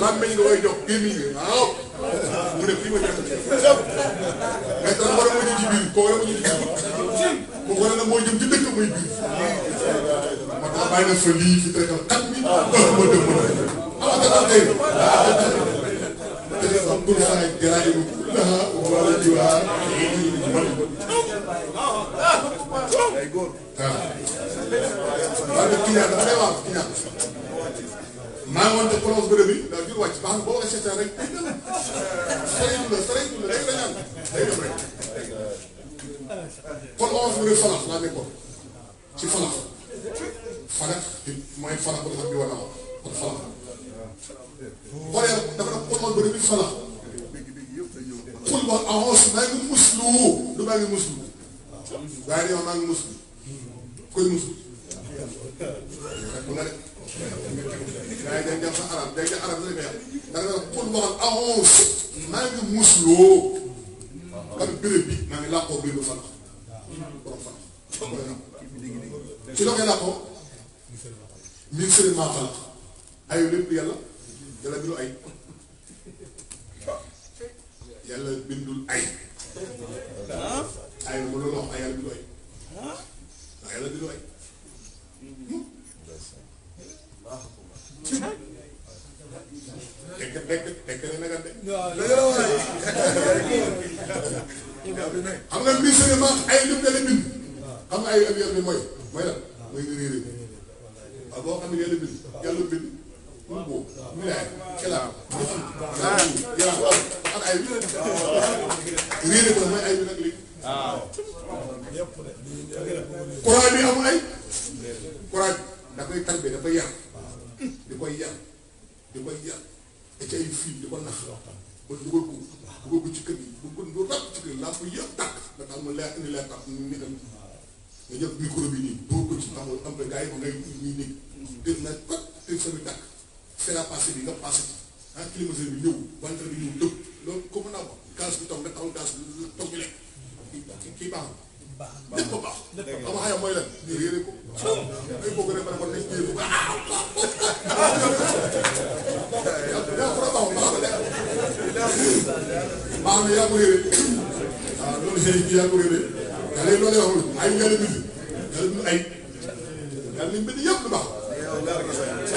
làmmiñ nga koy jox gémmiñ nga waaw mu ne fii ma jox mais dara war a mujj ci a mujj a nag moo jëm العظيم تخبرها الجرائم كلها وولدها waaw kii yaa dafa lay waaw kii yaa maa ngoon te prononce bëre bi daal jur wàcc baax na boo waxee seetaan rek sareytu la sareytu la rek la ñaan day dem rek kon onze bëre falax laa nekkoon ci falax falax mooy falax bu dafa bi war a kon falax waaye dafa def xulwoon ba déglu falax xulwoon avance maa ngi muslu du maa ngi muslu waaye dañoo maa ngi muslu koy muslu. waaye dañ dem sa arab dañ dem arab rek da nga xulwoon avance maa ngi muslu ban béréb bi maa ngi làqoo bérébu falax borom falax ci la koy làqoo min sëriñ maa falax ayoo lépp yàlla. yàlla bindul ay yàlla ay ay la ay yàlla bindul ay waaw yàlla bindul ay tekk tekk na nag de xam ay lu yàlla bind xam nga ay ab yàlla bi mooy mooy lan mooy nga réeré waaw boo xam ne yàlla bind yàlla Mbour wilaay Kella Naan Yaraax ak ay wilaay réeré ko mooy ay wilaay ak léegi. courant bi amul ay courant bi da koy talbe da koy yar di koy yar di koy yar da cay fii di ko nax ba dugal ko dugal ko ci kër gi bu ko du rab ci kër laa ko yëpp tàkk da tax ma leer indi leer tàkk ni tam nga jël micro bi nii dóor ko ci taxaw am ba gars yi ba ngay ñuy nekk dégg na kot te sa bi tàkk sera passé bi nga passé ah climatiseur bi ñëw wante bi ñëw dëpp loolu comme naa ko gaz bi taw nga taw gaz bi toog ñu lekk kii baax baax baax lépp baax. dëgg la xam mooy lan ñu réeré ko. ay bokk rek ma ne ko nañ téye bu baax. baax na yaa ko réeré waaw ah, loolu sëriñ bi yaa ko réeré yaa léegi loolu yoo xam ay yàlla bind yàlla bind ay yàlla liñ bind yëpp lu baax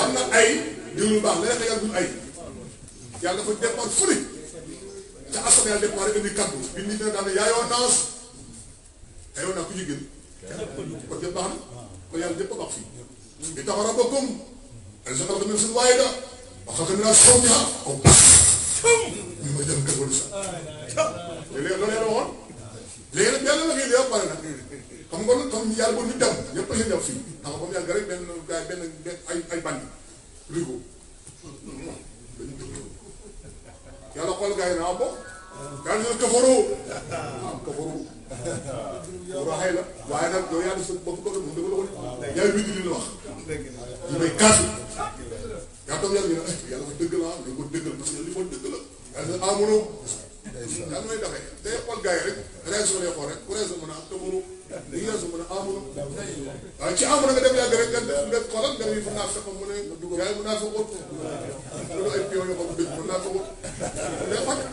am na ay. lu baax la yàlla du ay yàlla dafa départ fu ne ca askan yàlla départ rek indi kaddu bi nit ñi daal yaayoo naas ayoo naa ku ñu gën kon yëpp baax na kon yàlla lépp a baax fii li tax a rabbakum ay sa xarala suñu waaye da wax nga ne laa soog ñaa aw ñu ma jël kër wala sax léegi loolu yàlla waxoon léegi nag yàlla la koy dee pare nag xam nga comme yàlla bu ñu dem ñëpp a ñu dem fii xam nga comme yàlla rek benn benn ay ay bandi rigo yàlla xool gars yi naa ah bokk daal di leen kafaroo am ah, kafaroo waxee la waaye nag yow yaa di sa bopp doole moom dama la ko yaay witti li la wax ñu may kaasu yaa toog yàlla ñu ne eh, yàlla ma dëgg laa dañ ko dëggal parce que li ma dëgg la yàlla na amonoo ah, yàlla may doxee day xool gars yi rek réaction lay xool rek ku réaction mën a kafaroo li réaction mën a amonoo waaye ci amonoo nga dem yàgg rek nga xoolal nga fa naa fekk mu Look.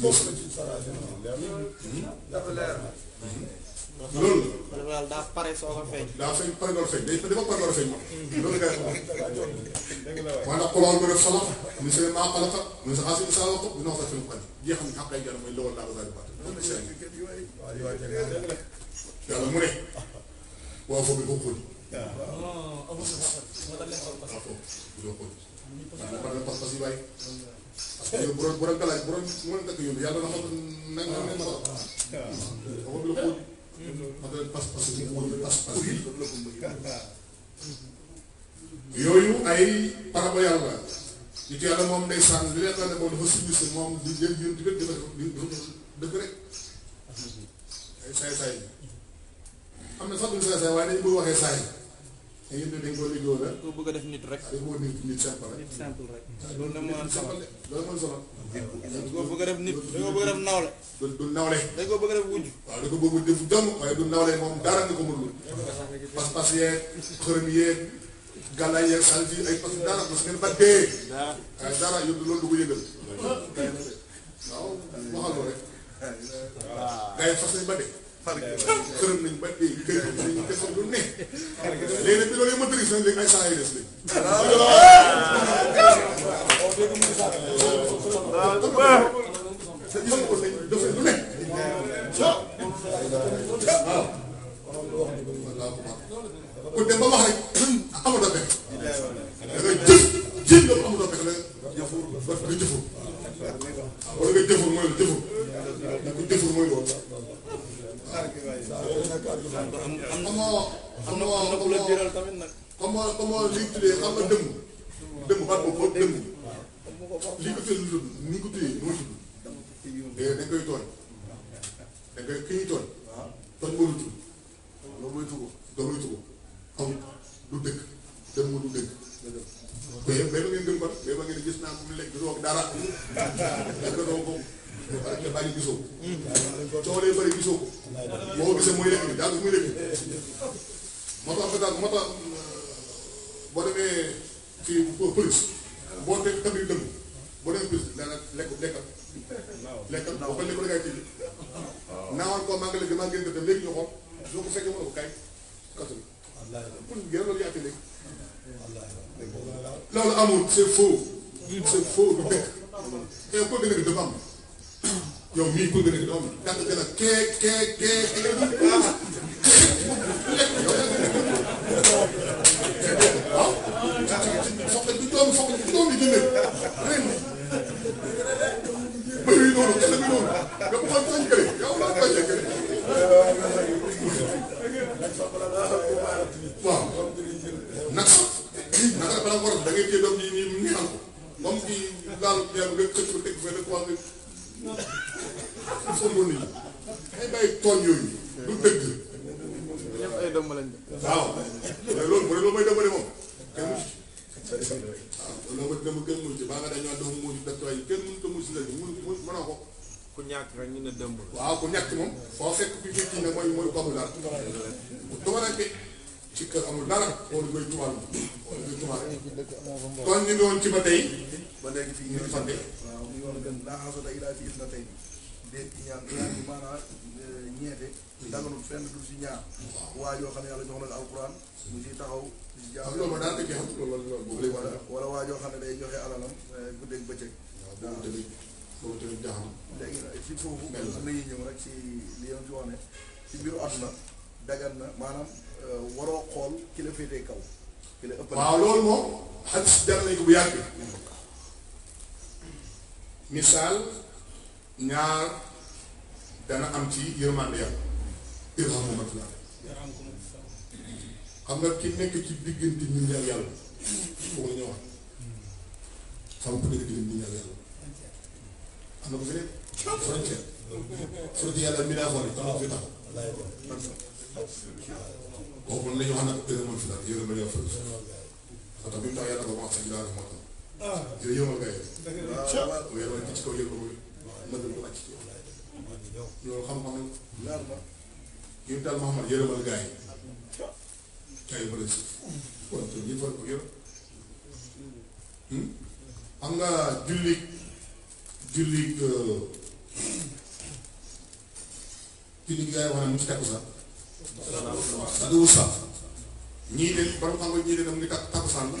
bokk na ci saraafin loolu la. daa pare soo ko feeñ. daa feeñ pare nga feeñ day dafa pare nga feeñ moom. loolu ngay xam. maanaam xulaal ko def xalaat ñu se maa xalaat ñu se xaasin saa ko ñu noxal suñu xel yi xam ne xam lay jàll mooy lowal laa ko daal di bàtt. yàlla mu ne. waaw foofu ko xool. waaw amul sa xalaat. waaw foofu du ko xool. maanaam parce que parce que parce que yow parce que yooyu ay paraba yàlla ñu ci yàlla moom day sànn li leen doon ne moom dafa moom di jël jël di dëkk rek ay saay saay am na sax duñ saay saay waaye dañu bëgg waxee saay da ngeen di dañ ko liggéeyoo rek. koo bëgg a def nit rek. dañ koo nit nit simple rek. nit simple rek. loolu la mën a sonal loolu mën a sonal. dañ koo bëgg a def nit dañ koo bëgg a def nawle. du du nawle. dañ koo bëgg a def wujj. waaw dañ ko bëgg a def jom waaye du nawle moom dara nga ko mënul. pas-pas yeeg xërëm yeeg gàllaay yeeg xaalis yi ay pas dara parce que ngeen ba dee. waaye dara yóbbu loolu du ko yëgal. waaw waxal ko rek. waaw gars yi fas nañ ba dee. xar nga xërëm nañ ba dee kër gi dañuy def lu ne. léegi nag bi loolu yëpp maîtrise nañ léegi ay saa yu des léegi. ku dem ba wax rek amatoo pexe da ngay jëf jëf nga amatoo pexe la jëfur nga jëfur wala nga jëfur mooy la jëfur ndax ku jëfur mooy loolu xam nga xam nga li tuddee xam nga dëmm. dëmm baat boobu boo dëmm. li ko tuddee lu ni ko tuddee moo tudd. Eh, dañ koy tooñ. dañ koy ki ñuy tooñ. tooñ moo lu tudd. loolu mooy tugu. loolu mooy tugu amul du dëkk. dëmm du dëkk. mais ngeen gëm kon mais ba ngeen gis naa ko mu lekk du doog dara. lekk doo ko. te bàyyi gisoo ko. coow lee bëri gisoo ko. lekk daal muy lekk moo tax moo tax boo demee fii police boo teg tamit dëng boo demee police dana lekk lekkal. lekkal boo ko lekkul da ngay lekk lekk dem léegi ñu xool doo ko fekkee mu loolu yaa fi léegi. loolu amul c'est faux. c'est faux du dëkk. te a yow mii bëgg na doom da nga jël kee kee kee waaw soxna bi doom soxna bi doom bi jëndee ren bëri yi noonu kenn bi noonu yow man sañ kër yow man bañ a kër waaw naka naka bala war da ngay jël doom yi nii mu ngi xam ko moom kii laal ñaar nga xëcc ko teg fële quoi sëñ ay bàyyi tooñ yooyu du dëgg. ñëpp ay dëmm lañ def. waaw mais loolu mooy loolu mooy dëmm de moom. kenn waaw loolu mooy dëmm kenn mënu ci baa nga dañoo dëmm moo ci dëkk waaye kenn mënut a mucc la mu mu mënoo ko. ku ñàkk rek ñu ne dëmm la. waaw ku ñàkk moom foo fekk fi fi kii ne mooy mooy goxu daal. dama bi ci kër amul dara wala koy tubaab wala koy tubaab tooñ ñu ne woon ci ba tey ba léegi fii ñu ngi fa dee. waaw muy war a gën laa hasada ilaa fi isnatayni déet ñaan ñaan bi maanaam eh, ñeete daganul fenn du si ñaar waa joo xam ne yàlla jox na la alquran mu si taxaw di si jaaw wala wala waa joo xam ne day joxe alalam eh, guddeeg bëccëg waaw boobu tamit jaaxal léegi nag si foofu am na ñuy ñëw rek ci li yoon si wax ne si mbiru àdduna dagan na maanaam eh, waroo xool ki la féetee kaw ki la ëpp waaw loolu moom xadis jar nañ ko bu yàgg Misal, ñaar dana am ci yërmande yàlla irhamumat la xam nga ki nekk ci diggante ñu ñaar yàlla foog la ñëwaat xam nga ku nekk diggante ñu ñaar yàlla am na ko fi nekk frontière frontière yàlla mi daa xool taxaw fi taxaw kooku la ñu wax nag irhamumat la yërmande yàlla fa tax bi mu tax yàlla ko wax sa gidaar moo tax yooyu yëngal kay. waaw waaw waaw yëngal ci kaw yëngal ko mën ko wàcc. loolu xam-xam la. yow daal Mouhamad yërëmal gaa yi. kay bële si. kon ñu war ko yërëm. xam nga julli julli julli gaa yi wax ne mu ci takku sax. waaw waaw waaw ñii de borom xam nga ñii de dama ni takku saan la.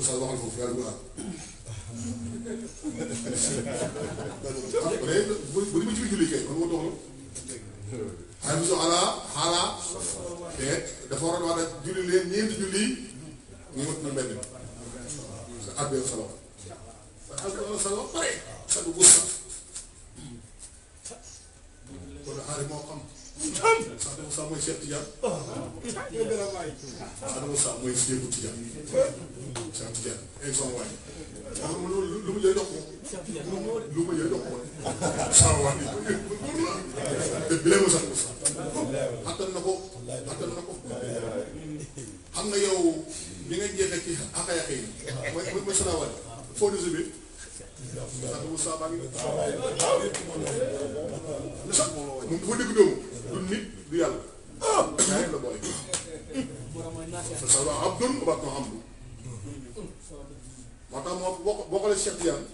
Moussa waxal foofu yàlla bu bu bu ci julli kay kon moo xay bisu ala xaala te dafa waroon wax nag julli leen ñeenti julli ñu mët na benn sa abdel salo sa abdel salo pare sa du gusta kon xaari moo xam Sadou Moussa mooy Cheikh Tidiane. Sadou Moussa mooy Seydou Tidiane. Cheikh Tidiane ay sama waay. lu lu mu jëlee jox ko. lu mu jëlee jox ko. sama waay bi te bileemu Sadou Moussa. attan na ko attan na ko. xam nga yow li nga jeexee ci xaq-yaq yi mooy mooy Sadou Waly foo dese bi. Sadou Moussa baa ngi. mu dégg doomu. du nit du yàlla ah ñaareel la boole. sa sa waa abdun wa ko amdu. moo tax moo boo ko boo ko la Cheikh Diagne.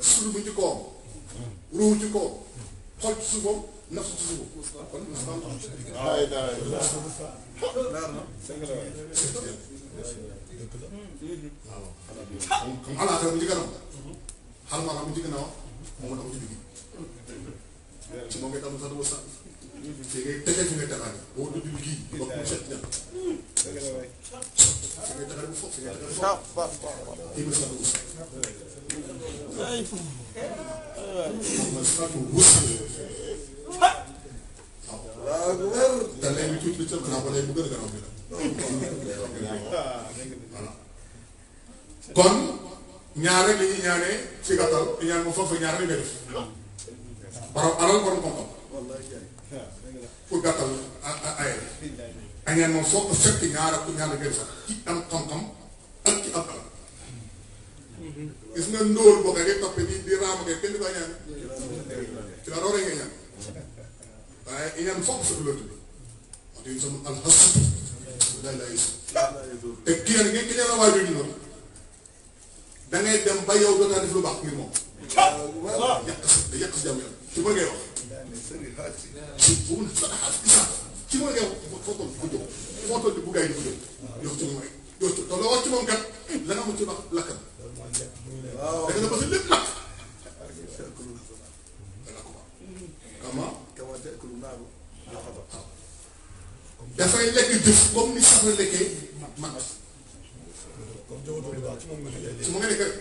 sulu bu ci kawam. ruu ci kawam. xol ci suufam naf ci suufam. kon islam ay daay waaw. ci kanam. xaal maa xam ci ginnaaw moom la ko ci digg. ci moom itam sax dafa sànni. te ngay tëjee fi nga taxaar boo dund bi kii bopp bu set na. fi nga taxaar bu foofu fi nga taxaar bu foofu. déglu sa dugub. man saa ko wóor waaw waaw. te léegi tuuti ca gannaaw ba léegi mu gën a gannaaw bi la. voilà. kon ñaar rek la ñuy ñaanee ci gàttal ñaan mu foofu ñaar rek nga def. borom alal borom koom-koom. pour gàttal ay ay neen moom soo ko setti ñaar ak ñaar ngeen sax ci am xam-xam ak ci am alal gis nga ndóol boo koy toppee di di raam kay kenn du ko nag ki ñaan waajur ñu dem ba yow dootaa def lu baax ngir moom yàq sa yàq sa jàmm yàlla ci bëggee wax السيئات والصالحات شنو يا فوتو بودو فوتو اللي بوغاي بودو يوتو موي يوتو لو وقت مون كات لا نمو تبا لك لك انا بس لب لك كما كما تاكل النار da fay lekk jëf comme ni sax la lekkee man su ma nga nekk rek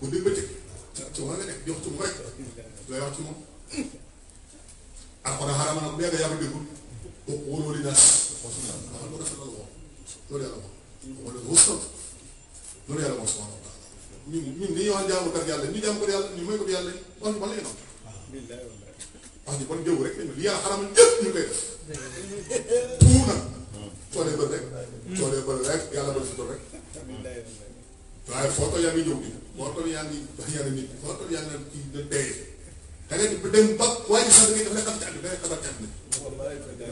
guddi bëccëg su ma nga nekk jox ci moom rek looy wax ci moom alxuraan xaaral maanaam bu yàgg yàgg déggul wóoloo li naas waxal ko rafet la wax loolu yàlla wax wala wërsëg loolu yàlla wax subhanahu wa taala ñun ñun dañuy wax jaamu kat yàlla ñu jaam ko yàlla ñu may ko yàlla wax ñu ban lay nam wax ñu ban jëw rek li yàlla xaramal ñëpp ñu koy def tout nag coolee bëri rek coolee bëri rek yàlla bëri si rek waaye foo toll yaa ngi jëw di foo toll yaa ngi yaa ngi nit foo toll yaa ngi kii na dee da ngay dem ba waaye sax da ngay def la xam ci àdduna da ngay xabar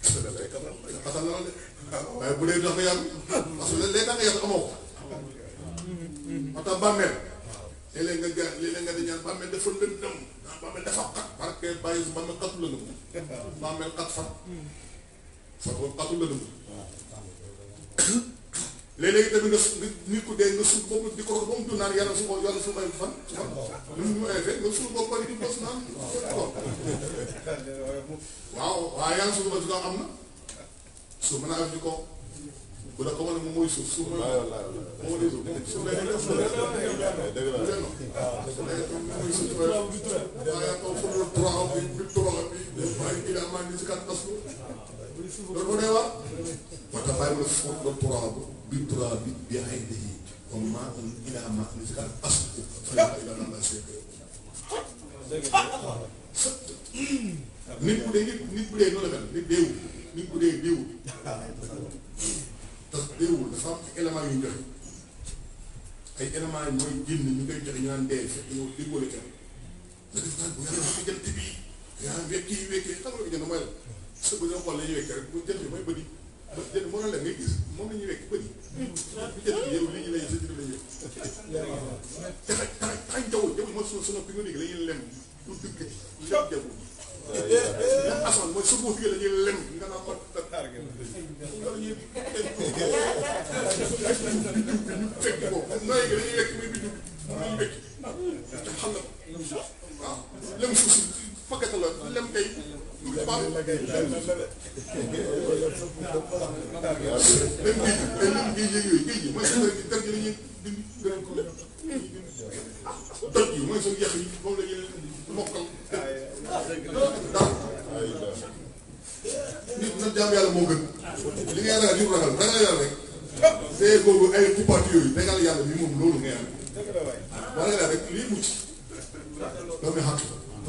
ci àdduna. xatal la de waaye bu dee dafa yàlla parce que léegi da nga yàlla amoo ko. moo tax bàmmeel léeg-léeg nga ga léeg-léeg nga di ñaan bàmmeel dafa lëndëm bàmmeel dafa xat parce que bàyyi su bàmmeel xatu lëndëm bàmmeel xat fan fan boobu xatu lëndëm léeg-léegi tamit nga nit ku dee nga suul bopp di ko ba mu naan yàlla su ko yàlla su may fan. lu mu invité nga suul bopp di bos naan. waaw waaye yàlla suul bopp di ko am na. suuf mën naa di ko. bu la ko wane moom mooy suuf suuf mooy. waaw waaw waaw mooy suuf. si kan tas ko. wax. moo tax bàyyi ma la fukki trois bi. bi tubaab bi bi ay dëkk comme maa ngi laa maa ngi si kaa as. nit bu dee nit nit dee noonu la mel nit deewul nit bu dee deewul. tax dafa am ay éléments yi mooy génn ñu koy joxe ñu naan dee fekk yow déggoo la ca. nga def naan bu yàlla dafa jant bii. yaa wekki wekki xam nga jënd mooy la. parce que bu ñu la xoolee ñu wekk rek ngay gis moom la ñuy wekk bëri. yow li ñu lay sa jëf la yëg te nag tànk jaww jaww mooy lem sa boo la ñuy lem nga naan ko loolu ñuy fekk ko nooy gi dañuy lekk muy bindu muy bekk te xam na lem suuf si fakkata la lem tey loolu ngay am wala nga daal rek lii mucc doomi xàq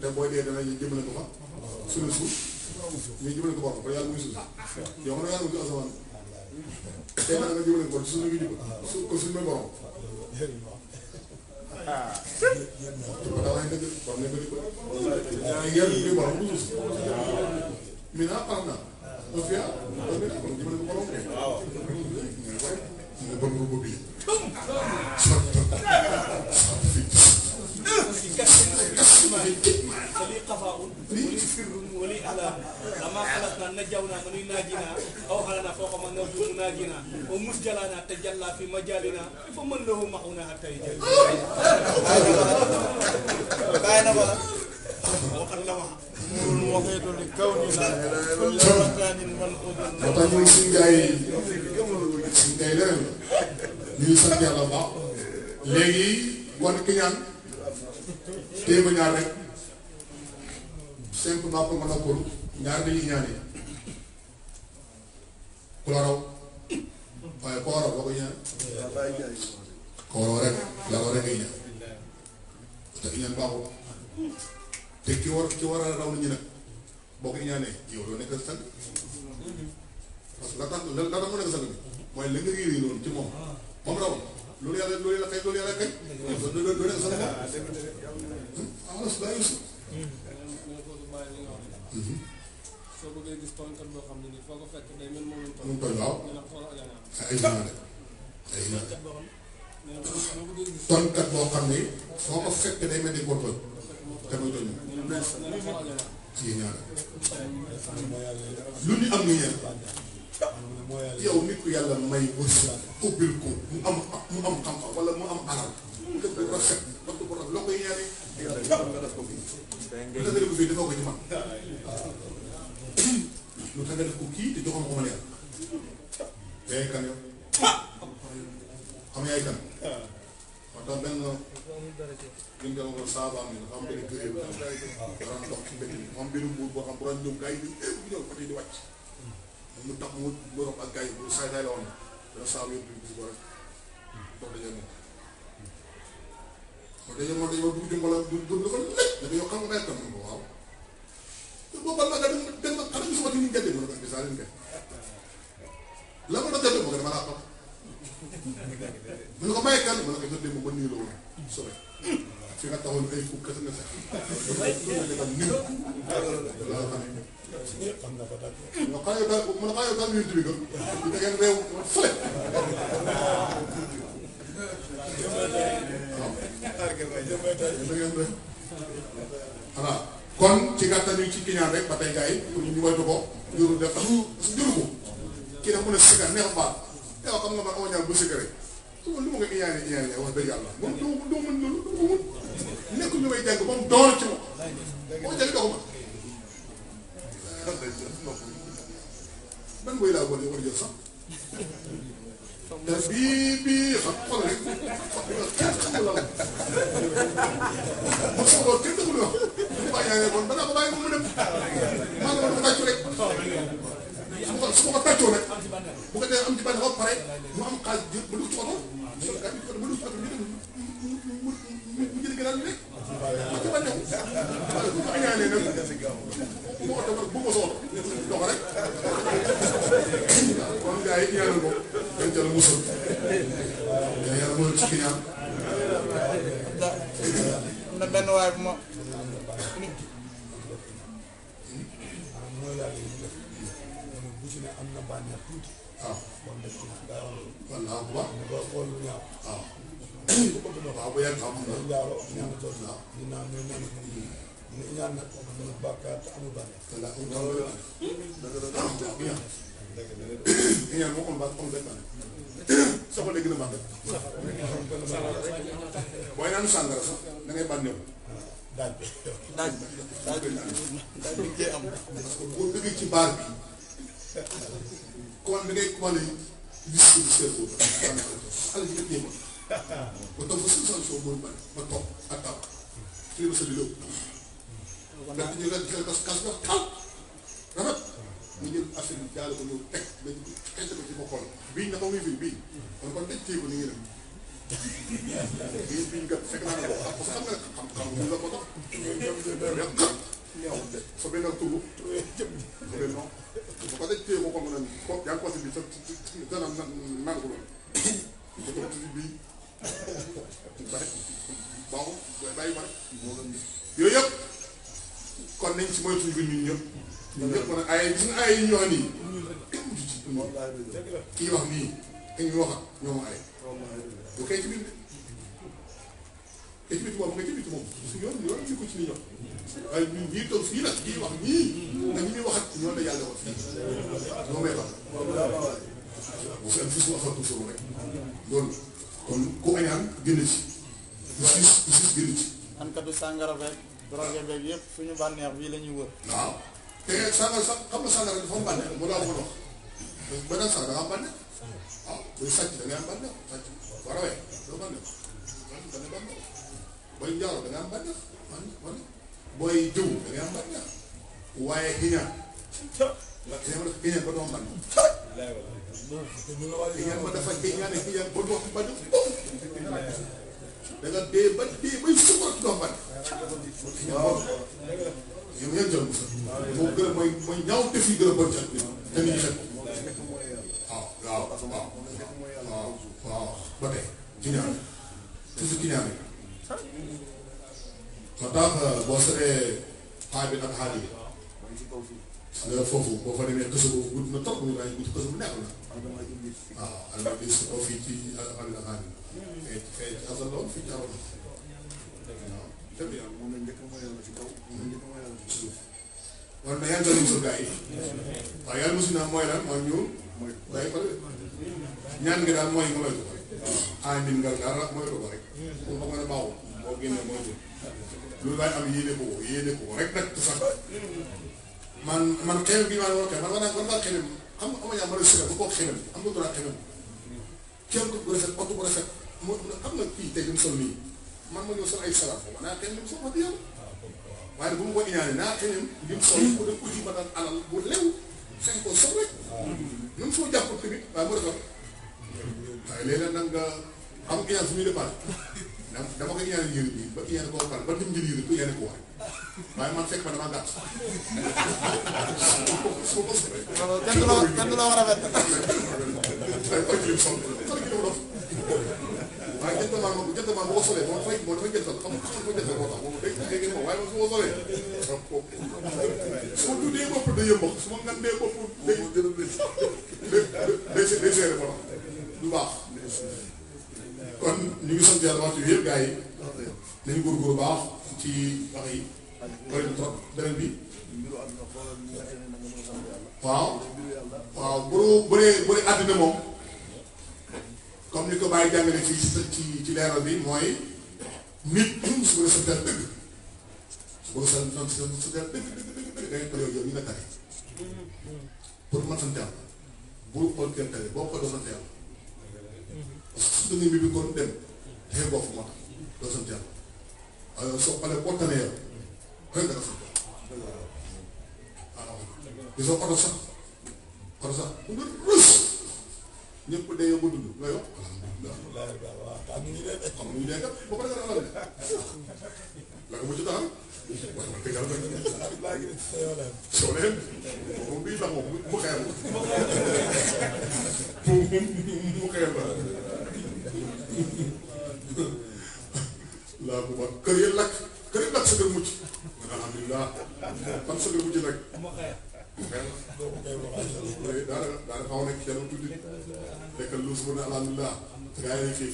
te booy dee dana jëmale ko fa suñu suuf ñu jëmale ko borom ba yàlla muy suuf yow xam nga yàlla muy asamaan te nag nga jëmale ko suñu ngi jëm su ko suñu borom ah ko da way dëgg borom ne ko di ko yàlla muy borom muy suuf mi na par na do fiya do mi ko jëmale ko borom ne waaw ne bon ko bi فلي قفاء ولي سر ولي علام لما خلقنا نجونا من ناجينا أو خلنا فوق من نرجو ناجينا ومسجلنا تجلى في مجالنا فمن له معنا حتى يجلى باين ولا وقد لوحة الوحيد لكوننا كل مكان منقود léegi wan ki ñaan téye ma ñaar rek simplement pour ma noppalu ñaar dañuy ñaanee ku la raw waaye koo boo ko ñaan koo raw rek la raw rek ngay ñaan te ñaan baaxul te ki war ki war a raw nit ñi nag boo ko ñaanee yow doo nekk sang parce la tax la tax mu nekk sang mooy li nga réeré ci moom moom raw loolu yàlla loolu yàlla kay loolu yàlla kay. loolu loolu loolu yàlla sax soo bëggee gis tooñkat boo xam ne nii foo ko fekk day mel moom lañ tooñ. waaw tooñkat boo xam ne foo ko fekk day mel ni koo tooñ. te muy tooñ. lu ñu am ni ñeen yow nit ku yàlla may wërsëg ubbil ko mu am mu am xam-xam wala mu am alal def ko rafet def ko rafet loo koy ñaanee nga def ko fii lu tax nga def ko fii defoo ko ci man lu tax nga def ko kii te joxam ko ma leer yaay kan yow xam yaay kan moo tax benn gën nga ko saabaam yi dafa am benn gërëm daan dox ci mbedd mi moom benn buur boo xam bu doon ñëw gars yi eh, ñëw côté di wàcc mu tax mu borom ak gars bu saay saay la woon dana saabu yëpp duñ ko rek dox dañoo moom kon dañoo moom dañoo dugg dimbala du gëm la ko lépp dafa yow xam nga tam waaw dem ñu la ko ma ko may kan mu ne ko gëddee mu ba nii la woon sobe fi nga taxoon ay fukk kese nga sax xam na ko daal nga xaayoo daal man xaayoo daal yonent bi ko da ngeen réew fële voilà kon ci gàttal ñu ci kiñaan rek ba tey gars yi pour ñu moytu ko juru def xam juru ko kii nag mu ne sikar neex baat yow xam nga man aw ñaar bu sikare su ma lu ma nga iñaane iñaane wax dëgg yàlla moom doo mën loolu doo mën nekk ñu may jàng moom door ci moom moo jàng doo ko mën man mooy laa boole war a jël sax te bii bii xam xool rek kenn xamul la bu xamoon kenn xamul wax bàyyi yaa bon danaa ko bàyyi mu dem maa ngi ko tàccu rek su ma ko su ma ko tàccoo nag bu ko dee am ci benn ba pare mu am xaaj jël ba dugg ci oto solkat bi ba dugg ci oto ñu dem mu mu mu njëriñ gënal rek ma ci bànneeku ma ko añaanee nag bu oto a ko soxla dox rek tuuti. waaw nga xool ñaaw. waaw. ne ñaan nag amul bàkkaar te amul bànneex. voilà amul bànneex dëgg la amul bànneex. soxla gën a bànneex. booy naan sàngara sax da ngay bànneex. daaj bi daaj bi daaj bi daaj bi cee am. parce que boo duggee ci baar bi. commande bi ngay commandé bis bi seer boobu. xale bi dëkk yéema. ba toog ba sensation boobu ba toog ak taw. kii la ba sa daal di jël jël kas ko ñëw teg dañ ko ci boppam bii naka muy bii bii kon kon dañ téye ko ni ngeen nga fekk naa ne ko ko tax ci bii bari baaxul bàyyi bari yooyu yëpp kon nañ si moytu ñu ñun ñëpp. ñun ñëpp nag ay suñu ay wax nii. kii wax nii dañuy wax ñoom ay. bu kay ci biir kay ci biir ñoom. waaye wax nii. yàlla wax fii. moom lay wax. bu fekkee fii su ma xamante rek. loolu kon ku añaan génn ci. bu siis bu siis génn ci. drogue beeg yëpp suñu bànneex bii la ñuy wër. waaw te sànq sax xam nga sànq dafa am bànneex mu doon wóor wax ba dem sax da nga am bànneex waaw buy sàcc da nga nga bànneex booy njaaro nga am bànneex bànneex booy jëw ba doo da nga dee ba dee bay sukkar ndomban waaw yow yaa jël boo a mooy mooy ñaaw def yi gën a bon cat bi te nit ñi xet waaw moo tax euh, boo seetee xaar bi nag xaar yi nga foofu boo fa demee kësa boobu gudd na trop ñu fii ci alhamdulilah xaar bi feeñ asal la woon fi jaarul waaw lépp yàlla moom lañ njëkk a mooy yàlla ci kaw moom lañ njëkk a mooy yàlla ci suuf kon na yàlla doon musul gaa yi waaw yàlla musul naa mooy lan mooy ñu mooy bàyyi ko ñaan nga daal mooy nga mooy ko rek ah ndim ngal ngal rek mooy ko rek pour nga mën a baaxul boo génnee mooy ko loolu daay am yéene ko yéene ko rek nag sax man man xew bi maa war a man war naa war naa xelam xam nga am na ñaar mën a sëgal ba kooku xelam am nga droit xelam kenn ku rafet oto bu rafet moo xam nga kii tey jëm sol nii man ma ñëw sol ay salaf ma naa kenn dem sol wax dëgg yàlla waaye bu ma ko ñaanee naa xëyam lim sol ko dem uti ba daan alal bu lew xëy ko sol rek même soo jàppul tamit waaye mu defar waaye léeg-léeg nag nga am ñaan fu muy départ dama koy ñaanal yére bi ba ñaanal koo pare ba dim jël yére ko ñaanal ko waay waaye man fekk ma damaa gàtt kenn du la kenn du la war a rafet waaye gerte moom gerte boo ko solee moom dafay moom dafay gerte xam nga xam nga gerte moo tax moom dégg nga waaye man su ma solee donc su ma tuddee bopp day yëmbax su ma ngandee bopp day day day seere ma du baax kon ñu ngi sant yàlla waxtu bi yëpp gars yi nañu góorgóor baax ci wax yi bëri na trop beneen bi waaw waaw bu bu dee bu dee àddina moom comme ni ko bàyyi jàngale ci ci ci leeral bi mooy nit su ko sa der dëgg su ko sa non sa sa der dëgg dëgg dëgg ko yow ñu nga tare pour mën sant yàlla bul xool kenn tare boo ko doo sant yàlla parce que su bi bi kon dem dafay bokk moo tax doo sant yàlla alors soo xoolee boo tane yow xëy nga sant yàlla waaw gisoo oto sax oto sax bu rus ñëpp dee ba dund nga yokk alhamdulilah waaw am ñu dee def am ñu dee def ba pare nga ne la mu ci taxal waaye man tegal rek soo leen moom bii tax moom mu xeer la mu xeer la laa ko wax kër yi lakk nu mu tudd dekkal luus bu ne alhamdulilah gars yi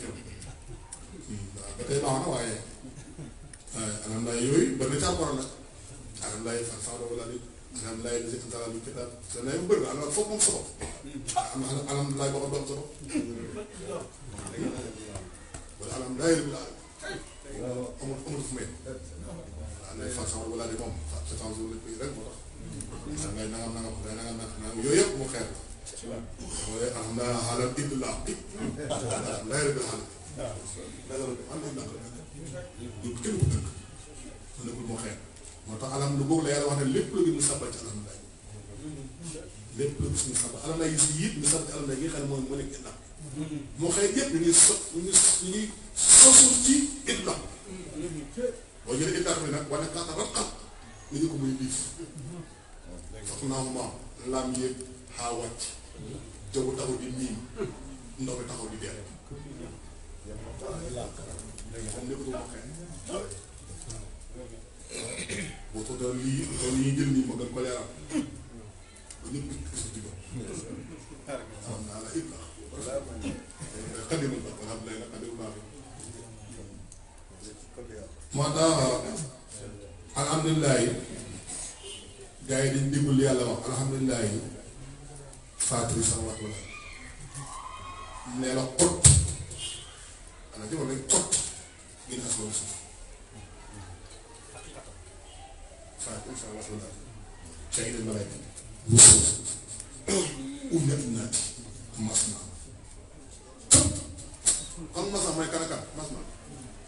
lañ koy kenn waaw ba tey baax na waaye alhamdulilah yooyu ba na ca borom nag alhamdulilah fan sax doo wala nit alhamdulilah li si am dara lu ci daal alhamdulilah bu bëri la alhamdulilah foofu moom solo am na alhamdulilah boo ko doon solo wala alhamdulilah yëpp laa amul amul fu may waaw fan sax wala nit moom sa temps lañ koy rek moo tax alhamdulilah nangam nangam nangam nangam yooyu yëpp mu xeer la وأنا على الإطلاق لا يرد الحلق لا يرد الحلق يبتلو دك أنا كل مخير moo tax alam lu boobu la yàlla wax ne lépp lu gis ñu sabal ci alam lay lépp lu gis ñu sabal alam lay gis yit ñu sabal ci alam lay nga xam ne mooy mu nekk itlaq moo xëy yëpp ñu ngi so ñu ngi ñu ngi sosu ci itlaq boo jëlee itlaq bi nag wane kaata ratqat ni ñu ko muy diis sax naa ma laam yéeg xaa wàcc jaww taxaw di niin ndox mi taxaw di dee moom lépp ma xëy boo tootee lii loolu ñuy jël nii ma gën ko leeral ba ñëpp gis ci bopp xam naa la it la xadimul ba alhamdulilah xadimul baax moo tax alhamdulilah gars yi dañ déggul yàlla wax alhamdulilah faatiri samawaat wala nee na xott xanaa jamono yi xott gën a asmaan suuf faatiri samawaat wala shahid al malaika umnat naati masna xam masna mooy kan ak kan masna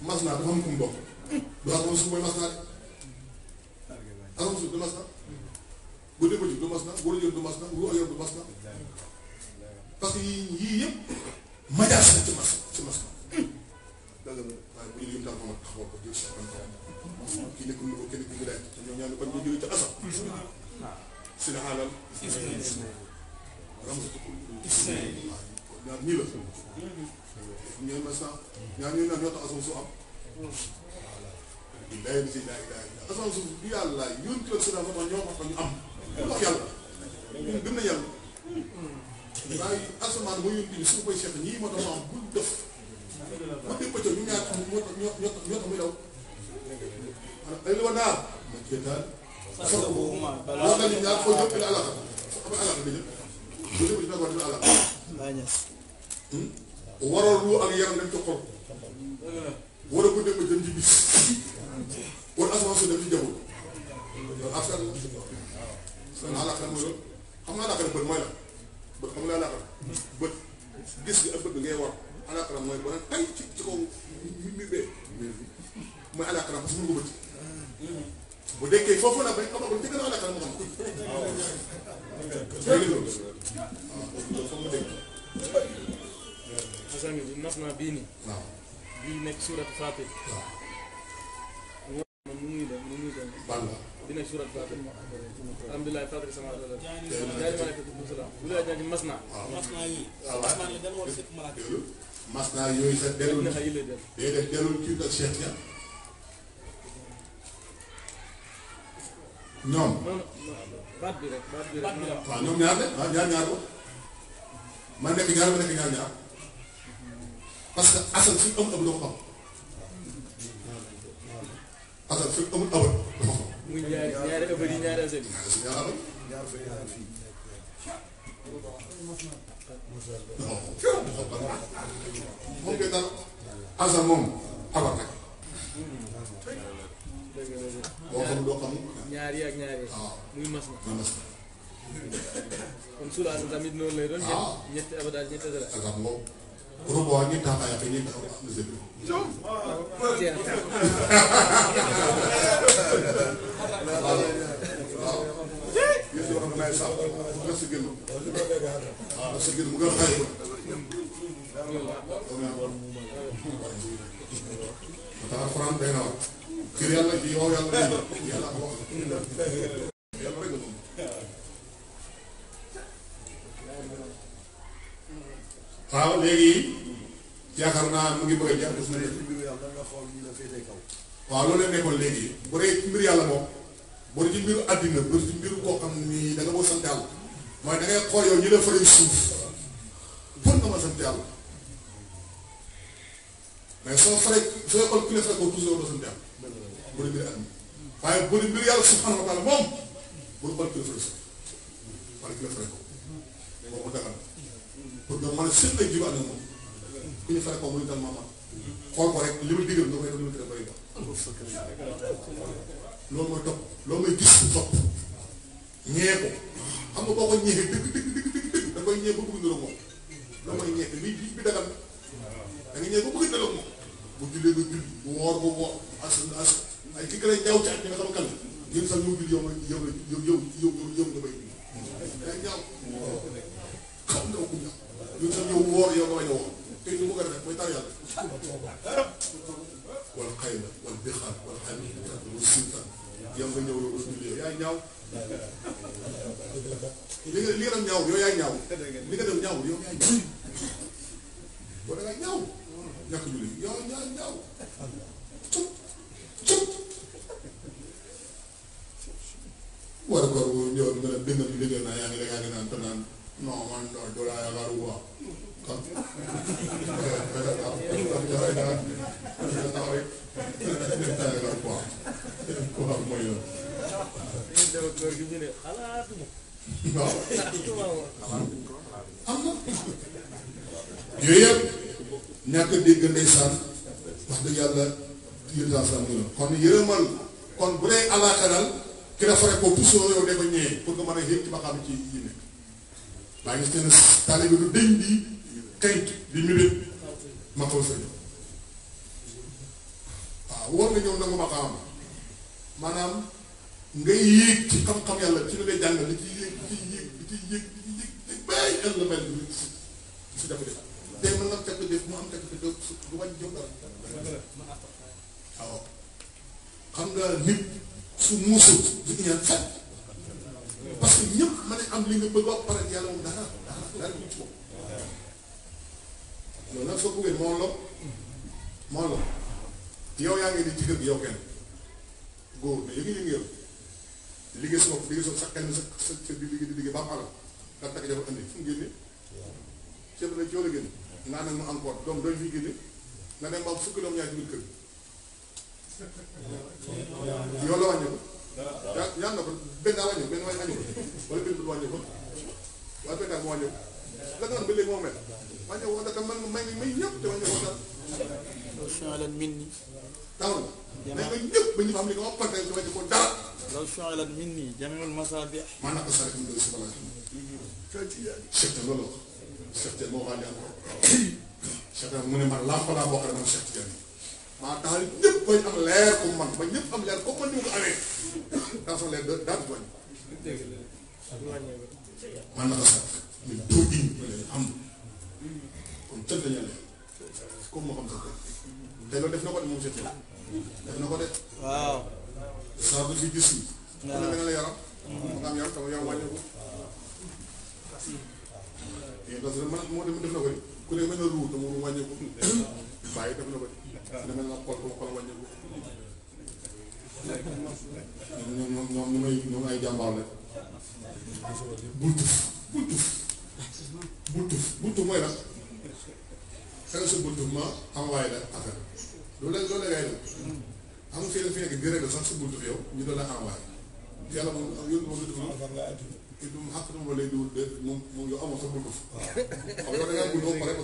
masna dafa am ku mu bokk du asmaan suuf mooy masna de asmaan suuf du masna guddi bëccëg du masna góor jigéen du masna ru ak yoon du masna parce que yii yii yëpp majaas la ci mas ci mas dëgg la waaye bu ñu lim daal moom xamoo ko jël sa ban borom kii nekkul ko kenn bi daal te ñoom ñaar ñu bañ ñu jëlee ca asam si la xaalal ramsatukul ñaar ñii la ñoom ma sax ñaar ñooy naan ñoo tax asam su am di lay si laay laay asam su bi yàlla yoon kër si daal moo tax ñoo ko ñu am wax yàlla ñun gëm na yàlla asamaan mooy yónni bi su koy seet ñii ma doon am bul def ma dégg ñu ñaar am ñoo ñoo ñoo muy daw. ay li ma ma cee daal. parce xam ne alaaka bi a la. xam nga alaaka nag mooy la. bët xam nga alaxara bët gis nga ak bët bi ngay war alaxara mooy boo tay ci ci kaw mi mi bee mooy alaxara parce que mën ko bët bu dekkee foofu la bañ xamal ko ci gën a alaxara mu xam ko asan bi nas naa bii nii bii nekk suurat Faatir mu muy dem mu muy dem bi nekk suurat Faatir alhamdulilah fadri sama dala jaari malaka bi musala wala jaari masna masna yi yooyu sa delul na xayile del ci ak cheikh ja ñoom waaw ñoom ñaar de waaw ñaar ñaar ko man nekk ñaar ñaar ñaar que asal suñu am am doo ko ñaari aset yi ñaar fee ñaar fii moom kay daal asal moom abar nag boo xam doo xam ñaari ak ñaari muy mas na kon sula asal tamit noonu lay doon ñetti abadaat ñetti asal asal moom rubo ni ta ya ni ta ni ze bi may sax ndax si gën waaw ndax si gën mu gën xaay ba ndax alxuraan na wax kër léegi yaakaar naa mu ngi bëgg a su ne waaw loolu la nekkoon léegi mbir yàlla moom bari ci mbiru àddina bari ci mbiru koo xam ni da nga bëgg sant yàlla mooy da ngay xool yow ñu la fay suuf bon nga ma sant yàlla mais mbiru yàlla subhanahu wa taala moom bari xool ku la suuf wala ku la fare ko boo ko dagal pour nga mën a sën lay jiw moom ku ñu fare ko muy dal ma xool loo ma topp loo may gis su topp ñee ko xam nga boo ko ñeexee dëgg dëgg dëgg dëgg da ngay ñee ba bëgg niroo moom loo may ñeex li li bi dagal da nga ñee ba bëgg niroo moom bu jullee ba julli bu woor ba woor as as ay ki lay ñaaw ci at mi nga xam kan yéen sax ñëw bi yow yow yow yow yow yow nga bay day ñaaw xam nga ko ñaaw yéen sax ñëw woor yow nga bañ a woor te ñu bëgg a def mooy tar yàlla والقيل والبخل والحميل والسلطة يوم بنيو الأذن لي يا نياو لي لي رم نياو يو يا نياو لي كده نياو يو يا نياو ولا لا نياو يا كدولي يعني نعم، نعم، يا يا نياو war ko ñu ñu na bind bi dégg na yaangi dégg na tan non man do la yaaru wa yooyu yëpp ñàkk dégg ndeysaan wax dëgg yàlla yërëntaan saa mu kon yërëmal kon bu dee alaaxeral ki defaree ko pusoo yow de ko ñëwee pour nga mën a yëg ci ba xam ci yi nekk maa ngi gis ne du dëñ bi kayit bi mébét ma xaw sëñ waaw war nga ñëw nangu ma xaram maanaam ngay yéeg ci xam-xam yàlla ci li ngay jàng li ci yéeg li ci yéeg li ci yéeg li ci yéeg li bay el la mel bi si def tey mën xam nga nit su muusul di ñaan fenn parce que ñëpp mën a am li nga bëgg wax pare yàlla moom dara dara dara ci bopp nag soo buggee moo lo moo lo yow yaa ngi ni ci kër gi yow kenn góor bi yëngu yëngu yow liggéey sa bopp liggéey sa sa kenn sa sa di liggéey di liggéey nga takk jabar andi mu génne ceeb doom doy fi génne nga dem ba am fukki doom yaa ci biir kër gi yow la wàññi ko yaa ñaan na ko benn daa wàññi benn wàññi ko benn ko wala benn la nga ba léegi moo mel wane woonaka man nga may nga may ñëpp te wane woo dara. loolu nga ñëpp ñu xam nga wax par exemple dama ko ne man làmp laa boo xam ne man Cheikh Tidiane maa taxal ñëpp bañ am leer ko man ba ñëpp am mu ko amee dans son leer daal di bañ. man na ko sàrri am. kon tëdd la ñu am moo xam tëdd te loolu def na ko de moom seet la def na ko de. waaw. saa bu ñu gis nii. waaw kon nag la yaram. mu nga def na ko de ku ne mel na ruur te mu wàññeeku. bàyyi def na ko de. dama la xool ba ma xool wàññeeku. ñoom ñoom buntu buntu mooy lan feneen sa buntu ma envoyé la affaire loolu la loolu la ngay def am nga fi nga fi nekk di sax sa buntu yow ñu doon la envoyé yàlla moom yónni moom kii du yow amoo sa buntu. waaw yow da ngaa a envoyé.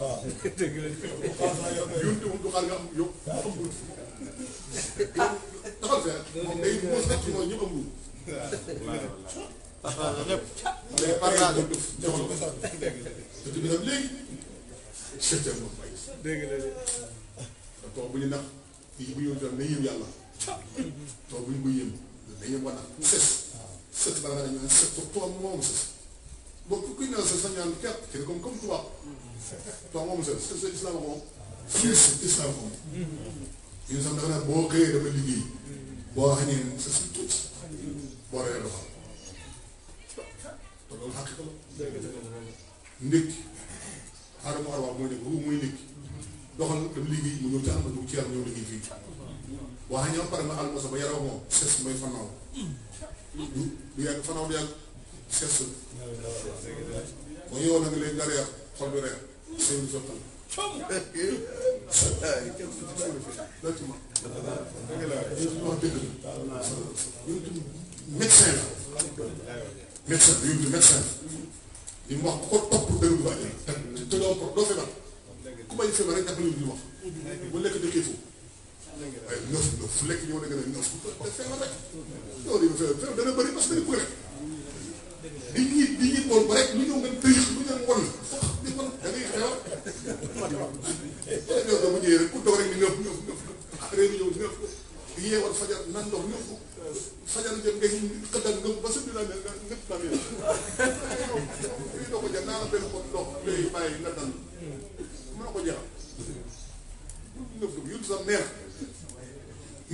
waaw dëgg moom du xaar nga yow am buntu. dafa fekk moom day moo sax ci moom ñëpp amul. lépp la de toog bu ñu nax fii bu ñu doon na yëm yàlla toog bu ñu ko yëm na yëm wanax mu sës sës bala nga ñaan moom sës boo sa ñaan moom sës sës moom sës islam moom ñu sax boo xëyee dama liggéey boo xañee sës tuuti boo reer dafa ndékki aadama arwaa mooy nekk ruum mooy ndékki doxal dem liggéey mu ñëw ci arma dugg ci yàlla ñëw liggéey fii waxa ñoo pare ma alma sa ba yaroo moom ses mooy fanaw du du yàgg fanaw du yàgg ses kon yow nag léegi nga reer xol bi reer sëy du sottal médecin la médecin bi yóbbu médecin bi li mu wax ko topp dëgg bu baax te te doo ko doo feebar ku may feebar rek ñu wax bu lekk dëkkee foofu waaye neuf neuf lekk ñoo ne gën a neuf te feebar rek loolu yi feebar feebar dana bëri parce que dañu bëgg rek di ñuy di ñuy bon ba rek ñu ñëw nga tëj lu ñu won di won da ngay xeewal dama ñëwee rek ku doog rek ni neuf neuf neuf réew mi ñëw neuf di yeewal fajar nan ndox neuf fajar jëm nga xëddal nga ba sëñ bi daal nga nga tamit yow ko jar naa la benn pot ndox lay bàyyi nga dal mën ko jaral nga fi yóbbu sax neex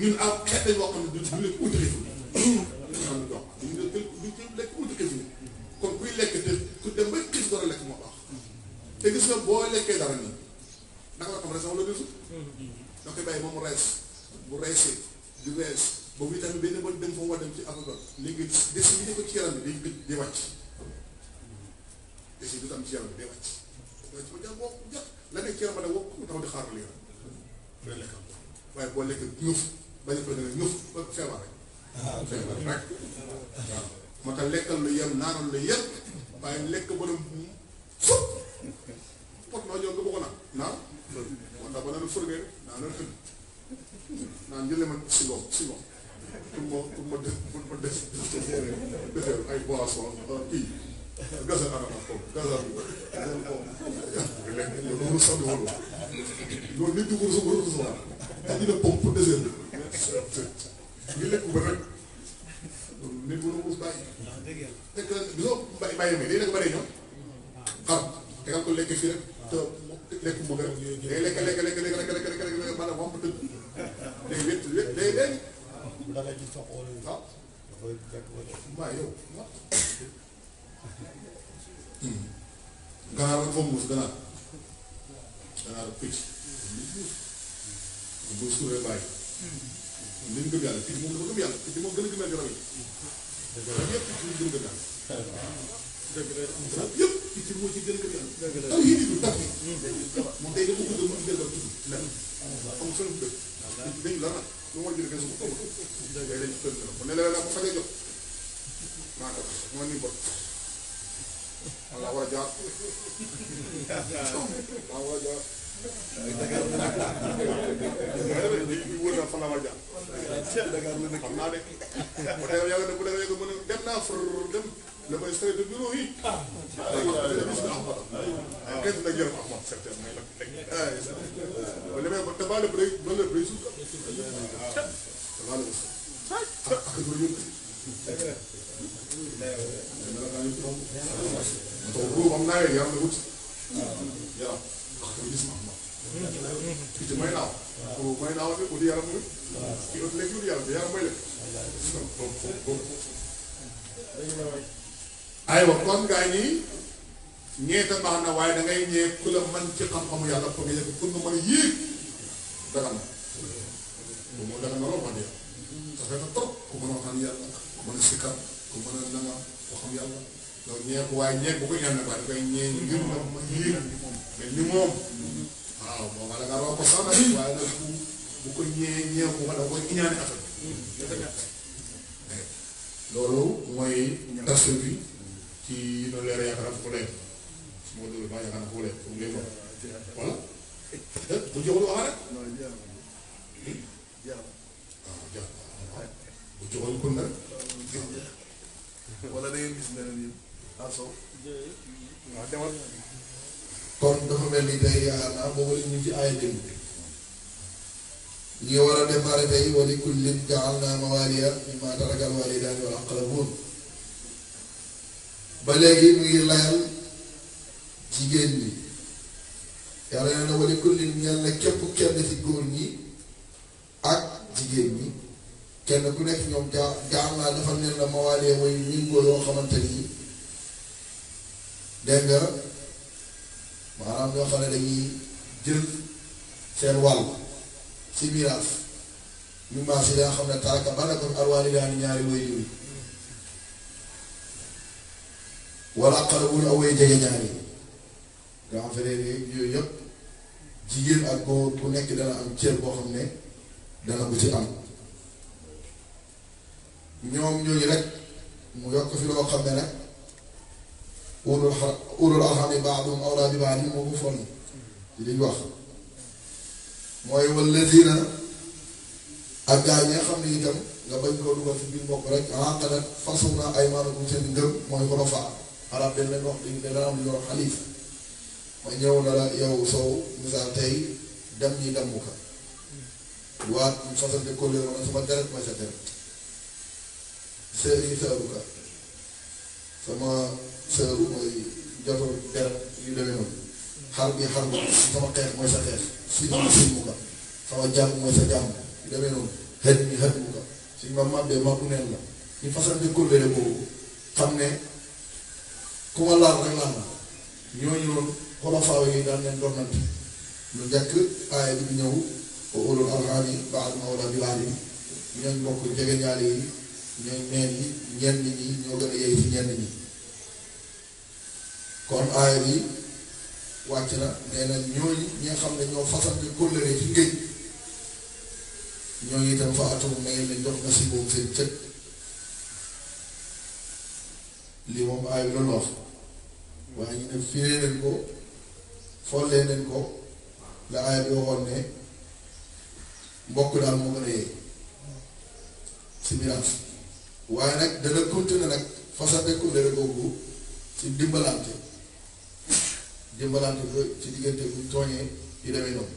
ñun ak xeet lañ wax ne du du lekk uti xëy xam ne dox ñu ne du ci lekk uti xëy kon kuy lekk te ku dem ba xiis dara lekk moo baax te gis nga boo lekkee dara nii naka la xam rees wala desul mm-hmm. da koy bàyyi moom rees bu reesee di rees boobu itam benn bët dem fa war dem ci alcool léegi des yi di ko ci yaram bi day gëj day wàcc des yi du am ci yaram la nekk ci yaram ba nag woo waaye boo lekk ñëf bañ a fa nga ba feebar rek. Ah, feebar rek waaw moo tax lekkal lu yem naanal lu yem waaye lekk ba doon fut pot noo ñëw nga bëggoon a naan moo tax ba doon fërgee naan doon tëdd naan jëlee ma si ngoom si ngoom. pour ma pour ma def pour ma des ca njëriñ defee ay boissons kii gaz ak ananas foofu gaz ak ananas foofu léegi loolu warul sax di wóolu loolu nit ñi warul sax warul sax dañ ñu ne pompe désert bi lekk ba rek nit mu ne ko bàyyi. fekk na disoo bàyyi bàyyi mi day nekk ba day ñor xam tegal ko lekk fii rek te lekk mu gën day lekk lekk lekk lekk lekk lekk lekk lekk maanaam moom tëdd 나가 좀 오는가? 거기 잡고 마요. ganaar foofu muus ganaar ganaar picc bu suuree bàyyi nañ gëm yàlla picc moom dafa gëm yàlla picc moom gën a gëm yàlla garab yi garab yëpp picc ñu gën a gëm yàlla dëgg la garab yëpp picc moo ci gën a gëm yàlla dëgg la taw yi du taw moom day dafa gudd mu gën a tudd ndax amul solo bu dëgg dañu la nag lu ma jël gëstu ko dëgg la tënk na bu ne la nag bu fajee jot maa ko ma ni bon man laa war a jaar laa war a jaar wër na fan la war a jaar xam naa de bu dee yàlla bu dee yàlla mën a dem naa fër dem damay sori de bureau yi. ah kenn nag yaram amoon certainement nag. damaa la bëri mën na bëri suuf. damaa la bëri. am naa leen yaram la wut. yaram wax dëgg gis naa may naaw. may naaw rek uti yaram rek. kii ëpp léegi yaram bi yaram may lekk. aywa kon gaa ñi ñeeta baax na waaye da ñee ku la man ci xam-xamu yàlla pour nga yëg pour nga mën a yéeg dafa na trop ku a waxtaan yàlla ku a sikkar ku xam yàlla loolu ñee waaye ñee bu ko ñaan nag waaye dafay nga ko sax nag ko ñee ñee ko loolu mooy tas bi ci yi doon leer ko leer moo doon ba yaakaar naa ko leer pour léegi voilà eh, bu hmm? ah, kon nag. wala da ngeen gis ne leen yéen ah, ah, demal. kon dafa mel ni tey yaakaar naa boobu la ñu ci aaya jëm ñu war a démarrer tey wa li kullin ja'alnaa mawaaliya mimmaa taraka ba léegi mu ngi layal jigéen ñi yàlla nee na wala kullin ñeel na képp kenn ci góor ñi ak jigéen ñi kenn ku nekk ñoom jaa jaa naa dafa ne la mawaalee way méngoo yoo xamante ni dégg nga maanaam ñoo xam ne dañuy jël seen wàll ci miraas ñu maas yi nga xam ne taraka ba ne alwaali yaa ñaari way jur wala aqrabun aw way jege ñaari grand frère yi yooyu yëpp jigéen ak góor ku nekk dana am cër boo xam ne dana bu ci am ñoom ñooñu rek mu yokk fi loo xam ne rek ulul xa ulul arxami baadum awlaa bi baadin moo ko fon ci liñ wax mooy walladina ak gaa yi xam ne itam nga bañ koo dugal ci biir mbokk rek ah façon naa ay maanaam seen ngëm mooy xolofa ala dañ leen wax dañ ne am yor xalif ma ñëw na la yow sow misaal tey dem ñi damm ka waat ñu sama deret ma sa deret seeri seeru ka sama seeru mooy jotoon deret yu demee noonu xar bi xar bi sama xeex mooy sa xeex sinu sinu ka sama jàmm mooy sa jàmm yu demee noonu xet mi xet mu ka si ma ma màbbu neen la ñu fasante kóllëre boobu xam ne ku ma laal rek laal na ñooñu noonu xolofaaw yi daan leen donnante lu njëkk aaya bi ñëw ba ulul arhaami ba'd mawla bi ba'd ñooñ bokk jege ñaale yi ñooñ neen yi ñenn a yey ci ñenn ñi kon bi wàcc na xam ne ñoo fasante kóllëre ci géej ñooñu itam fa atum na ngeen leen jox na seen cët lii moom aaya bi waaye ñu ne firee leen ko follee leen ko la aaya bi waxoon ne mbokk daal moo gën a yee si miraas waaye nag dana continuer nag fasante kóllëre googu ci dimbalante dimbalante ko ci diggante bu tooñee di demee noonu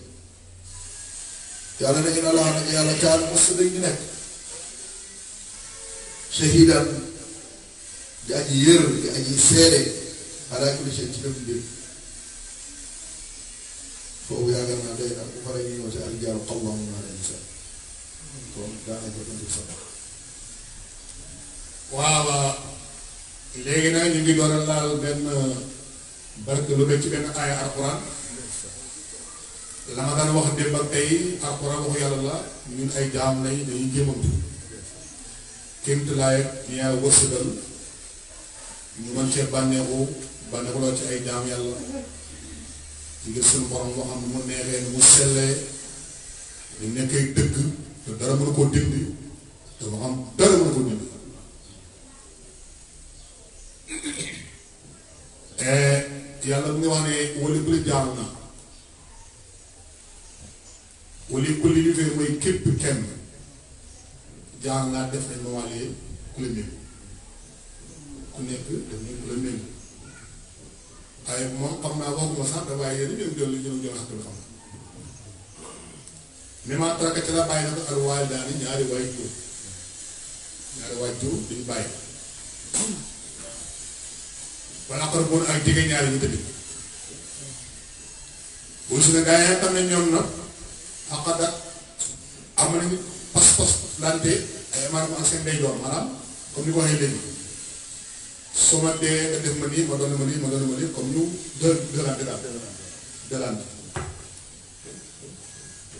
yàlla na ina laa nañu yàlla caal mos dañ di nekk shahidan di aji yër di aji seede alaa kulli shay'in ci bépp mbir foofu yaakaar naa day nag bu paree ñu ñëw ci arijaalu qawwaamuuna alal nisaa kon daanaka indi sa nag ñu ngi door laal benn barke lu nekk ci benn aaya alquran la ma daan wax démb ak tey alquran waxu yàlla la ñun ay jaam lañ dañuy jéemantu kéemtulaay yaa wërsëgal ñu mën cee bànneexu ba dogaloo ci ay jaam yàlla ngir suñu borom moo xam ne mu neexee ni mu sellee ni nekkee dëgg te dara mën koo dindi te mu ngi wax ne wali buli jaaru na wali ku la néegu ku nekk def ku la néegu waaye moom xam naa waxuma sax da waaye yéen ñëw jël ñëw jël xatul xam mais ma taraka ci la bàyyi na ko al waal daani ñaari waay juróom ñaari waay juróom dañu bàyyi wala xar boon ak jege ñaari ñu tëdd bu su gaa yi xam ne ñoom na xaqada am nañu pas-pas lante ay amar ak seen ndeyjoor maanaam comme ni ko waxee léegi su ma dee nga def ma nii ma doon ma nii ma doon ma nii comme ñu de dëlaat dëlaat dëlaat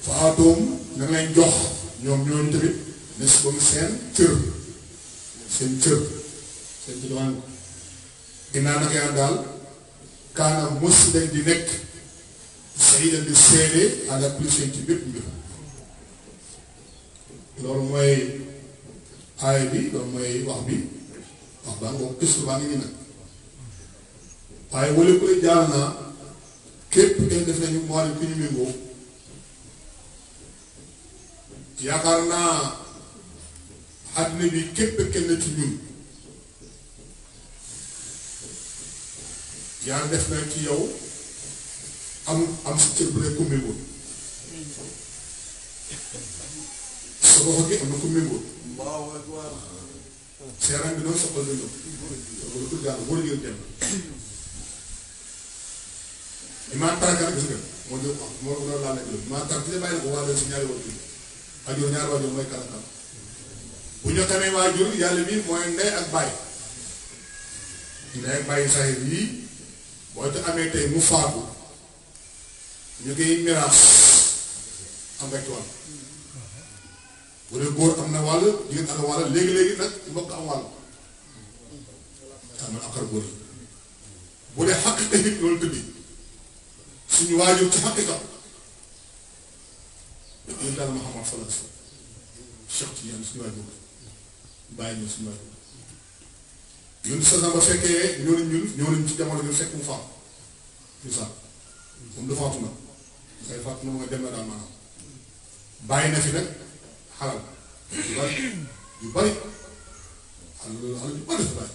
faatoom na lañ jox ñoom ñooñu tamit ne su boobu seen cër seen cër seen cër waan ko ginnaaw nag yaa daal kaana mos dañ di nekk sayidan di seede à la plus ci bépp mbir loolu mooy aay bi loolu mooy wax bi wax baa ngi nii nag waaye wala ku ne jaar naa képp ngeen def nañu moo leen ku ñu méngoo yaakaar naa àddina bi képp kenn ci ñun yaa def na ci yow am am si cër bu ne ku méngoo sa bopp gi am na ku méngoo seeraan bi noonu soxal nañ ko. loolu pour jàll wóor ngeen dem. imaam Paraka gis nga moo jëm moo doon laal ak yooyu imaam Paraka bàyyi ko waa si ñaari waajur ak yow ñaari waajur mooy kàlla kàlla bu ñu xamee waajur yàlla bi mooy ndey ak bàyyi ndey ak bàyyi saxiir yii boo ci amee tey mu faatu ñu koy miraas am nga ci wàll bu dee góor am na wàll jigéen am na wàll léegi-léegi nag ñu bokk am wàll am na akar góor yi bu dee xaqiqa it loolu tëddi suñu waajur ci xaqiqa yéen daal Muhammad sallallahu alayhi wasallam Cheikh Tidiane suñu waajur bàyyi ñu suñu waajur ñun sa ba fekkee ñoo ñun ñoo nañ ci jamono ñu fekk mu faam ñu sax moom du faatu na ngay faatu dem na daal maanaam bàyyi fi nag xalal di bari di bari alal alal di bari su bari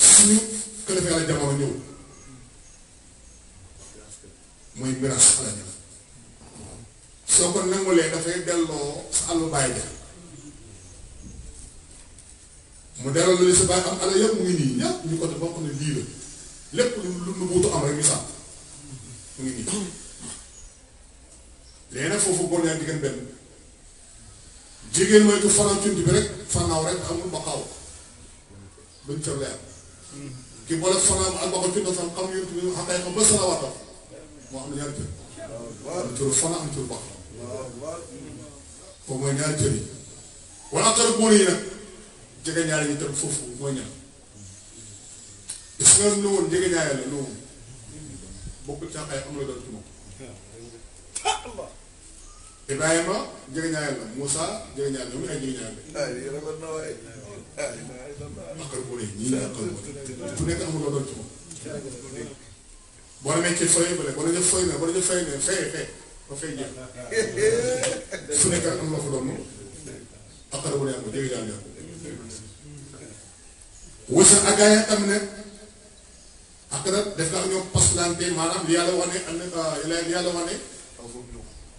suñu kilifa yàlla jamono ñëw mooy miraas alal ja soo ko nangulee dafay delloo sa àllu bàyyi ja mu delloo lu ne sa bàyyi am alal yëpp mu ngi nii ñu ko te ne lu lu mu am rek mu ngi léegi nag foofu bon yaa diggante benn jigéen mooy du fanaan cunt bi rek fanaaw rek amul baqaaw buñ cër lay am ki boole fanaaw ak baqaaw cunt dafa xam yonent bi xam ay xam ba salawaatam moo am ñaari cër am cëru fanaaw am cëru baqaaw foofu mooy ñaari cër yi wala xar góor yi nag jege ñaari yi tam foofu mooy ñaar islam la woon jege ñaari la la woon bokk caaxaay am la doon ci moom Ibrahima jëriñaayal la Moussa jëriñaayal la ñoom ay jëriñaayal la. ay yéen a ko noo ay. ay akal bu rëy ñii akal bu rëy ku nekk amul loo doon ci moom. boo demee ci fay ba ne boo demee fay na boo demee fay na fay fay ba fay jeex. su nekk am loo fa doon moom akal bu rëy amul jëriñaayal la. wasa ak gars yi tam ne ak def nga ñoom paslante maanaam li yàlla wane am na yàlla wane.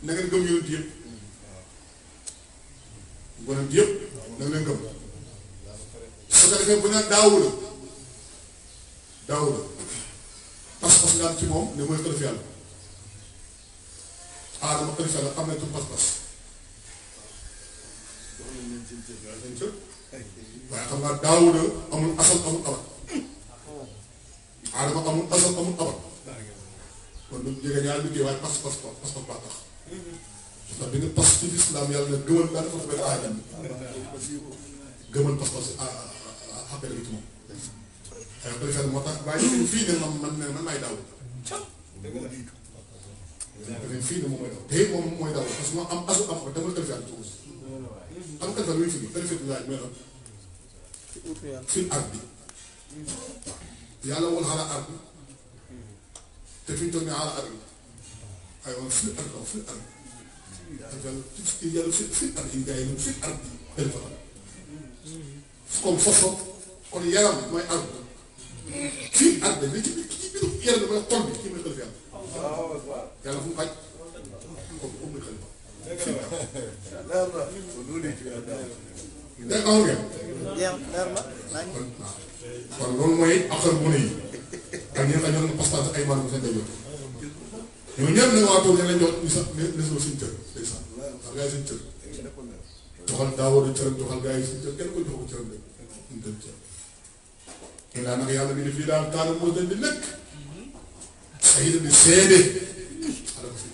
na ngeen gëm yonent yëpp yonent yëpp na ngeen gëm su ko defee bu ne daawula daawula pas-pas nga am ci moom ne mooy xalifa yàlla aadama ah, xalifa yàlla am na ci pas-pas waaye xam nga daawula amul asal amul abat aadama ah, amul asal amul abat kon lu jege ñaar liggéey waaye pas-pas pas-pas baa tax ndax da nga pas ci lislaam yàlla ne gëmal naa dafa benn aadam gëmal pas-pas xàppale bi ci moom xeex bi xel moo tax bàyyi leen fii ne man man ne man maay daw danañ fii ne moom mooy daw te moom mooy daw parce que moo am asu am ko demal téléphone tuus am téléphone luy firi téléphone laaj mooy lan fil ardi yàlla wal xala ardi te fi ñu toog ne xala ardi أيوة في الأرض في الأرض يجعل يجعل في في الأرض يجعل في الأرض بالفعل كم فصل كم يرم ما يرم في الأرض اللي كي كي يرم ما يطلع كي ما يطلع يلا يلا فم قد كم أمي خلفه لا لا ولولي dégg nga xam ngeen. kon loolu mooy affaire bu ne yi. ak ñi nga xam ne ay maanaam seen ñooñu ñëpp nag waa tool ñu ne jox ñu sax ñu ne suñu cër day sax ndax gars yi suñu cër joxal daawoo du cëram joxal kenn ko ñu dem cër. ñu naan nag yàlla bi ne fii daal taal moo dañ di nekk ay ko suñu ci lépp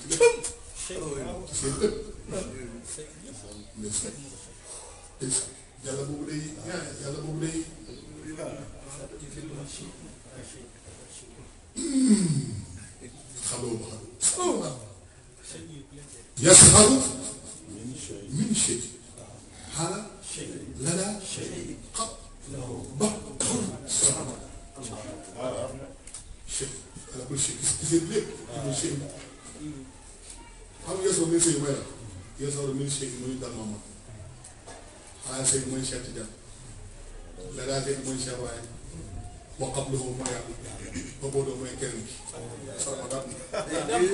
ci seen lépp day sax يسخر من شيء حال لنا قط بحر شيء على كل شيء كثير لك كل شيء هم يسخر من شيء ما يسخر من شيء من يدار ماما حال شيء من شيء تجاه لنا شيء من شيء واحد wa qablahu mooy yàlla ba boodoo mooy keneen ki sama daat na lii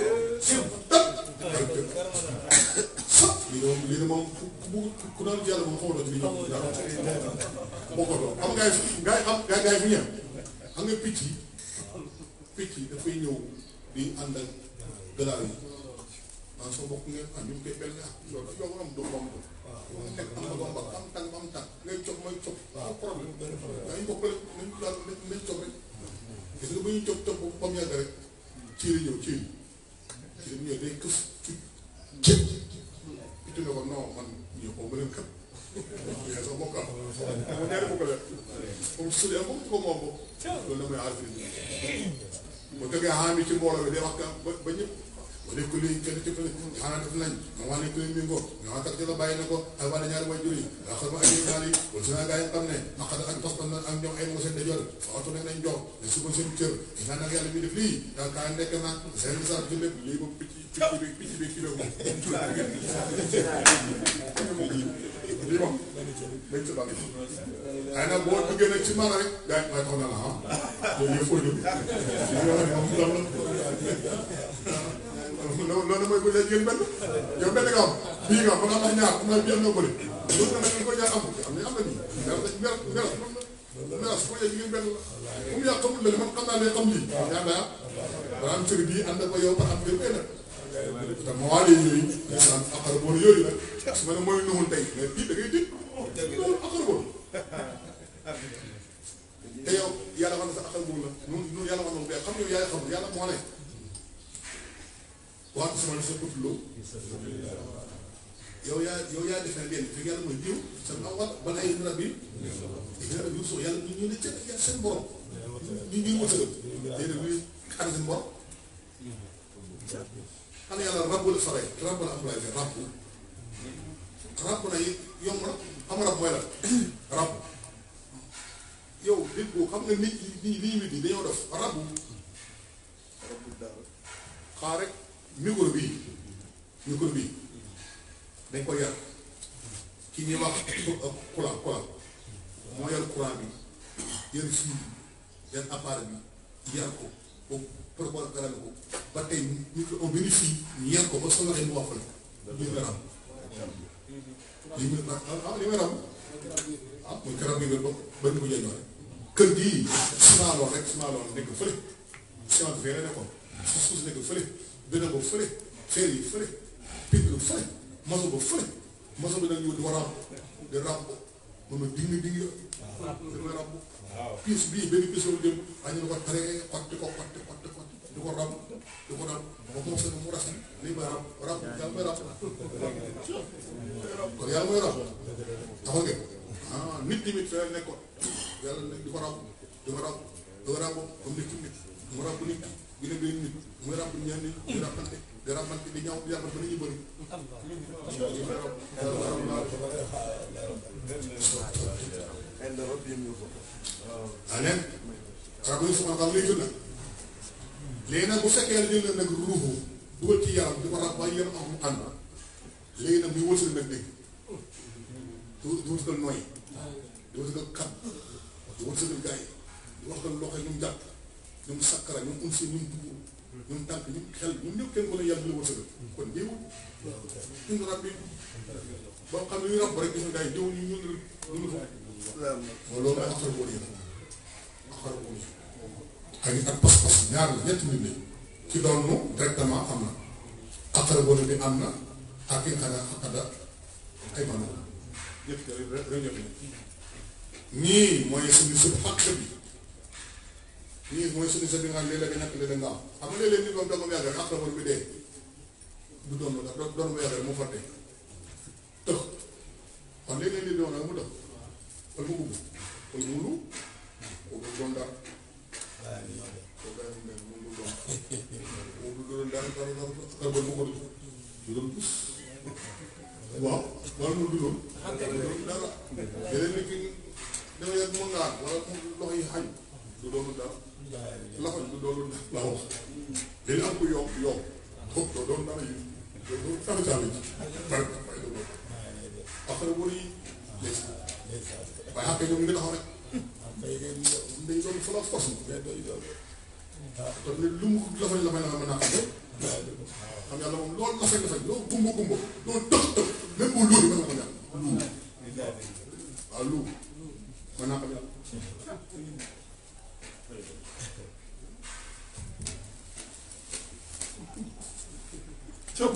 ku doon jàll moom xaw na lii ñoom dara moo ko doon xam nga gars yi xam gars yi picc yi picc yi dafay ñëw di ànd ak galaar yi man soo bokk ngeen am ah, ñu koy benn am yow am doo am waaw teg am na ba mbagg am tànk am tànk ngay cob mooy cob. waaw problème dañu ko bëri nañu daal nañ cob rek. gis nga bu ñuy cob cob ba mu yàgg rek ciir ñëw ciir ciir ñëw day këf ci ceeb ci ne ko non man ñëw ko mën kat. yaa sax bokk am moom ñaari bokk la moom su dee moom ko moom ko loolu damay aar fi mu tegee xaami ci mbooloo bi day wax ba ñëpp wa lépp luy kenn ci kële ñoo xam ne def nañ moom wax nañ ko leen méngoo ñoo xam ne bàyyi na ko ak wàllu ñaari way jur yi nga xam ne ay daal yi wala seen gaa yi xam ne aqad ak tos na ak ñoom ay moseen dajor waxtu nañ nañ jox ne suba seen cër nga nag yàlla mi def lii daal kaa nekk na seen misaal ci lépp lii moom picc picc bi picc bi kilo moom lii moom dañ sa bàq ay nag boo duggee nag ci mara rek gaa yi may tax na la ah loolu yëpp foo jóg loolu mooy bëgg a jël benn yow benn nga am bii nga am ba nga am ñaar mooy benn nga bëri loolu nag dañ koy ñaar am am na am na nii mel mel mel su ko jigéen benn la comme yaa xamul la man xam naa ne xam lii yaa naa balaa am sëriñ bii ànd ak yow ba am ngeen benn te mawaale yooyu naan akar boon yooyu nag su ma ne mooy nuhul tey mais bii da ngay dégg loolu akar boon te yow yàlla xam na sa akar boon la nun nun yàlla xam na xam yow yàlla xamul yàlla moo ne waaw sama la sa utuloo yow yaa yow yaa def na leen te yàlla mooy jiw sama war ban ay rab yi yàlla jiw soo yàlla ne ca seen borom ñu ñu yow def rab xaar rek micro bii micro bii dañ ko yar ci ñuy wax courant courant moo yor courant bi yor suñu yar ko ba protocole garab ko ba tey micro ko ba soxla mu wax ko ah, ah, ah, jël ñoo kër gii suma lool rek suma nekk fële semence bi nekk fële dina ba fële xeer yi fële picc fële maso ba fële maso bi nag ñëw di ko ràmb di ràmb mën na ding ding la di ko ràmb piis bii benn piis la dem añu di ko taree xotti ko xotti xotti xotti di ko ràmb di ko ràmb ba mu seen mu ras lii may ràmb ràmb yaa may ràmb kon yaa may ràmb taxal ngeen ah nit tamit fee nekkoon yàlla di ko ràmb di ko ràmb di ko ràmb comme nit ki nit mu ràmb nit ñu ne benn nit muy ràpp ñaan nit di ràppante di ràppante di ñaaw di yàlla ba nañu bëri. aleen rabbi yi subhanahu léegi nag bu fekkee la jël nag ruuxu dugal ci yaram di ko ràpp bàyyi yaram am ànd léegi nag muy wërsëg nag dégg du du wërsëgal nooy du wërsëgal kat du wërsëgal gaay du wërsëgal loxo yi ñu jàpp ñoom sakkara ñoom unsi ñoom dugub ñoom tànk ñoom kenn mën a yàlla dina wërsëgal ba xam ne ñu rab nga gars yi loolu mooy affaire boobu yëpp ak pas-pas ñaar la ñetti mbir bi am na ak ki nga xam ne xaqada ay manoon mooy suñu suñu xaq bi nii mooy solution bi nga xam ne léeg-léeg nga ñàkk léeg-léeg nga am xam nga léeg-léeg nit moom dama yàgg rek après bi dee du doon la doon mu yàgg rek mu fàtte tëx kon léeg-léeg nit doon mu tëx wala mu ubbi wala mu lu wala doon dara waaw wala mu duloon dara yeneen nit ki dama yàgg mën naa wala loxo yi xañ du doon dara lafañ bi doolu neex la wax dina am ko yokk yokk foog doo doon la fos mais doy doy kon ne a loolu lafañ lafañ loolu gumbo gumbo luur mën luur mën naa ko yàlla kon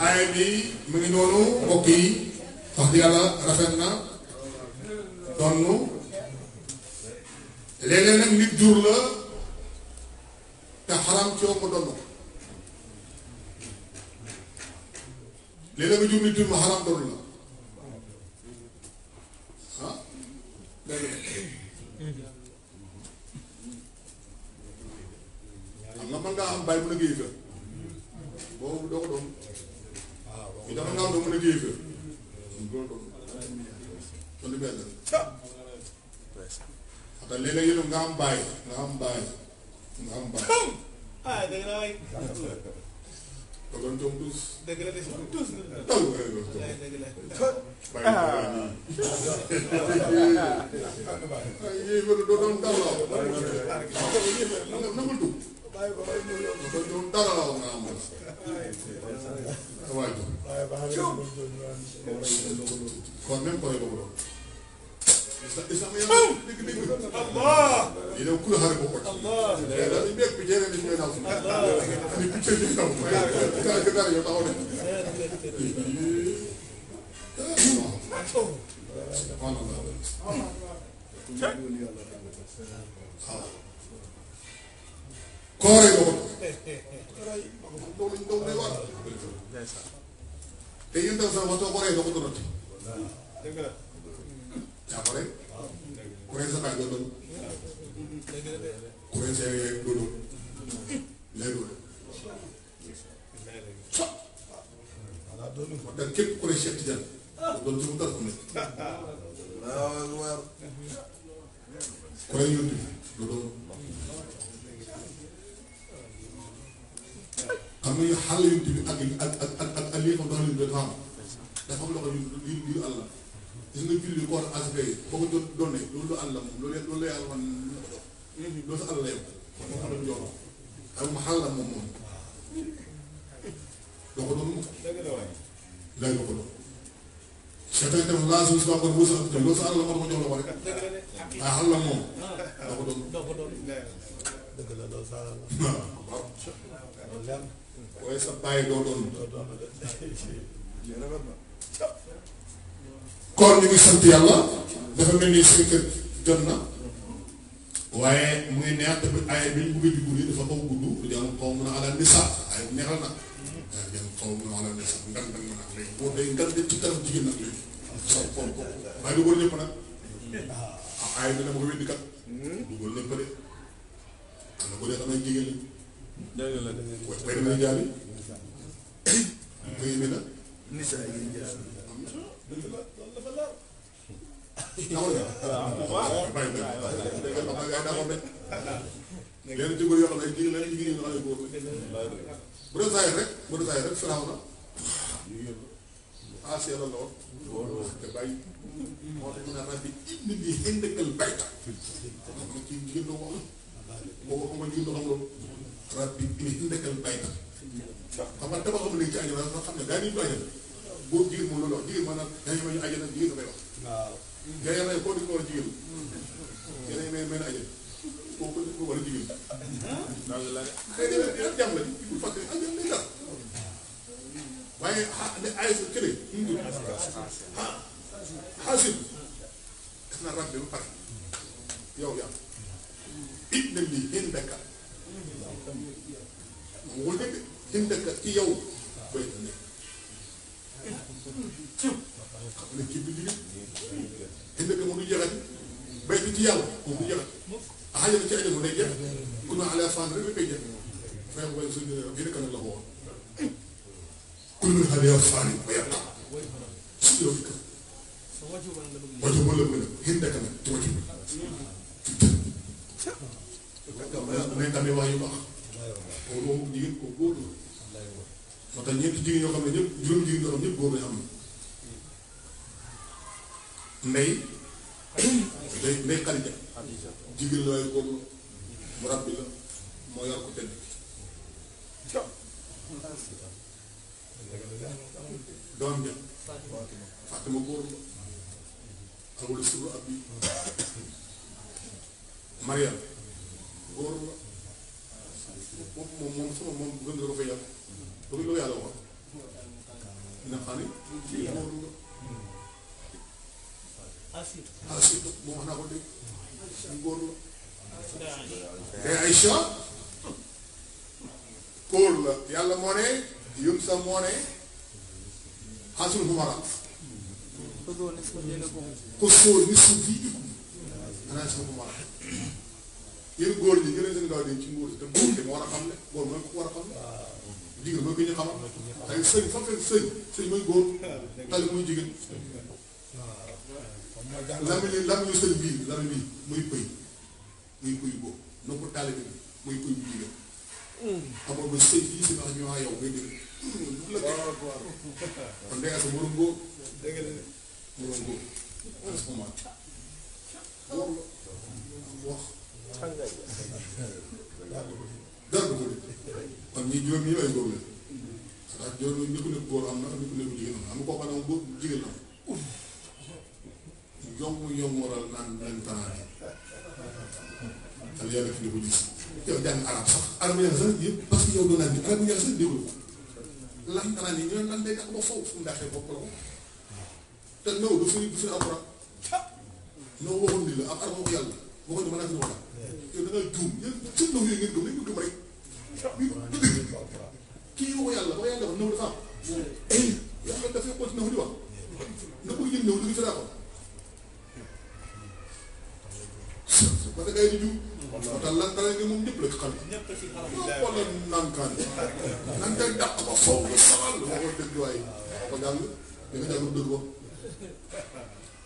ay bi mu ngi noonu mbokk yi wax di yàlla rafet na donn léeg-léeg nag nit jur la te xaram ci yow nga donn ko léeg nit jur ma xaram donn la ah nga mën ngaa am bàyyi mën a géej la boobu doo ko doon. waaw waaw mën am doo mën a géej la. twenty better. Ata lela yelo ngambai, ngambai, ngambai. Ah, dega na vai. Kogon tong tus. Dega na desi tus. Tau eh kogon na. Ah. tu. doon dara la war nga am waaye kon même koy boobu doon isa ma yàlla dégg dégg allah yi dem kula xare boobu allah dañu mbéeg bi jeere ni ñooy naaw suñu ni picc ni kaw kala ke dara yow taxaw ne subhanallah koore nga ko te yéen tam sax waxtoo kooree nga ko doon yaa ko rek kuréel sa tànk doon kuréel sa yooyu doon léegi wax dëgg képp kuréel Cheikh Tidiane doon ci mu dara ko nekk kuréel yónni lu doon xam nga xale yu tamit ak ak ak ak ak lii xam dafa leen doon xam dafa am loxo yu yu yu àll gis nga julli koor asaka yi boo ko doon doon ne loolu du àll moom loolu loolu la yàlla man loolu sa àll la yem kon moom adam jox xam nga xàll moom moom doo ko doon moom lay ko doon seetal tam laa suñu suba kon wóor sa te loolu sa àll la moo ko jox la ko rek waaye xàll moom doo ko doon dëgg la loolu sa àll la waaw waaye sa bàyyi doo doon kon ñu sant yàlla dafa mel ni seen jot na waaye mu ngi neex tamit ay bi ñu bëgg a dugg dafa xaw gudd di am xaw mën a alal ni sax ay neexal na waaye di am nag léegi day ngan de ci kanam jigéen nag léegi sax xool ko waaye dugal ñëpp nag ah, ay ko weddi kat hmm? dugal ñëpp de am ko dee xam ne jigéen la dëgg la dëgg la waaye benn jaay bi. mi yi ngeen jaay. léegi ci góor yoo xam ne bu doon saa rek bu doon saa rek firaaw na ah seetal la woon te bàyyi moo tax ñu naan bi hindakal bayta ci jigéen doo ko am boo ko xamal jigéen loolu rabbi indakal bayta ndax xam nga dama xamul léegi ci àjjana ma xam ne daa ñuy ñu àjjana boo jigéen moom loolu wax jigéen maanaam dañu may àjjana jigéen da koy wax waaw yaa yàlla koo di ko war a jigéen yéen may may na àjjana koo ko ko war a jigéen daal la xëy na jàmm la di fàtte àjjana lay dal waaye ay sa kële ñu ngi ah xaasin def na rabbi ba pare yow yaa it na lii indaka mu nekk indaka ci yow koy nekk xam ne ci biir indaka mu du jeexati bay bi ci yàlla moom du jeexati xajal ci ajamu day jeex ku ne ala fan rek koy jeex fexe wala suñu gën a kanam la ko woon ku ne ala fan ba yàlla suñu yow kan wàccu ma la mën a indaka nag ci wàccu bi. mais tamit wax yu baax. moom waxu jigéen ko góor la. moo tax ñeenti jigéen ñoo xam ne ñëpp juróomi jigéen ñoo xam ne ñëpp góor la am na. ndey. ndey ndey Xadija. jigéen la waaye góor la. mu rab bi la moo yor ko tedd. doom ja Fatima góor la. awul suru ab bi. Mariam góor la. moom moom moom moom gëm la ko yàlla wax dina xam ne kii moom lu nga asi moom wax naa ko dégg ñu góor la te Aïcha kóor la yàlla moo ne yum sa moo suuf yi anaa sa yéen góor ñi yéen seen gaaw a xam ne góor mooy sax fekk sëñ sëñ mooy góor. la kon day as morom dara du ko di kon ñi juróom ñi ay góor la ndax juróom ñi ku nekk góor am na am na koo xam jigéen la ne ko gis ne lan ba foofu fu mu dàqee bopp la ko te néew du fi du fi alxuraan noo waxoon ni la ak arab wax yàlla yow da ngay juum yéen seen doom yooyu ngeen gëm nañ ko gëm rek. kii yow yàlla ba yàlla defal néew dafa am. yàlla dafay continué di wax nga bëgg jël néew dëgg ci laa ko. parce que ay di juum. moo tax lan dara nga moom ñëpp la ci xam. ñoo xoolal nankaan nan ngay dàq ba foofu la saxal la ko dégg waaye ba jàng da nga jàng dëgg ba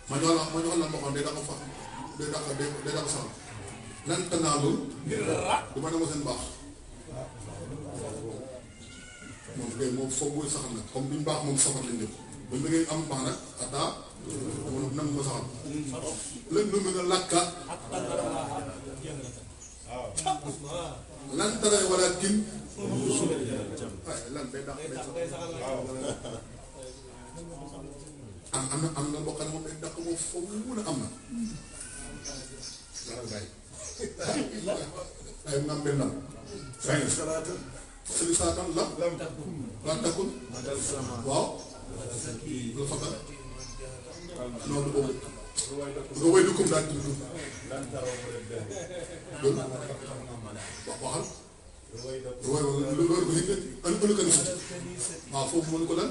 ma jox la ma jox la ma xool day dàq fa day dàq day dàq saxal lan tanaalul. ngir la du ma nangu seen baax. moom kay moom foofu mooy saxal nag comme duñ baax moom safar lañ def ba mu ngay am baax nag ataa. dama nangu ma saxal. lan lu mu nga làkka. lan taray wala kin. waaye lan day dàq day saxal. am na am na mbokk na moom day dàq moom foofu mun a am na. ay nambe nam fay salaatan sali saatan lam la takun waaw lu fagal loolu boobu nga wéy du comme daan tudd loolu waxal waaye wala loolu loolu ko yëg waaw foofu mënu ko lan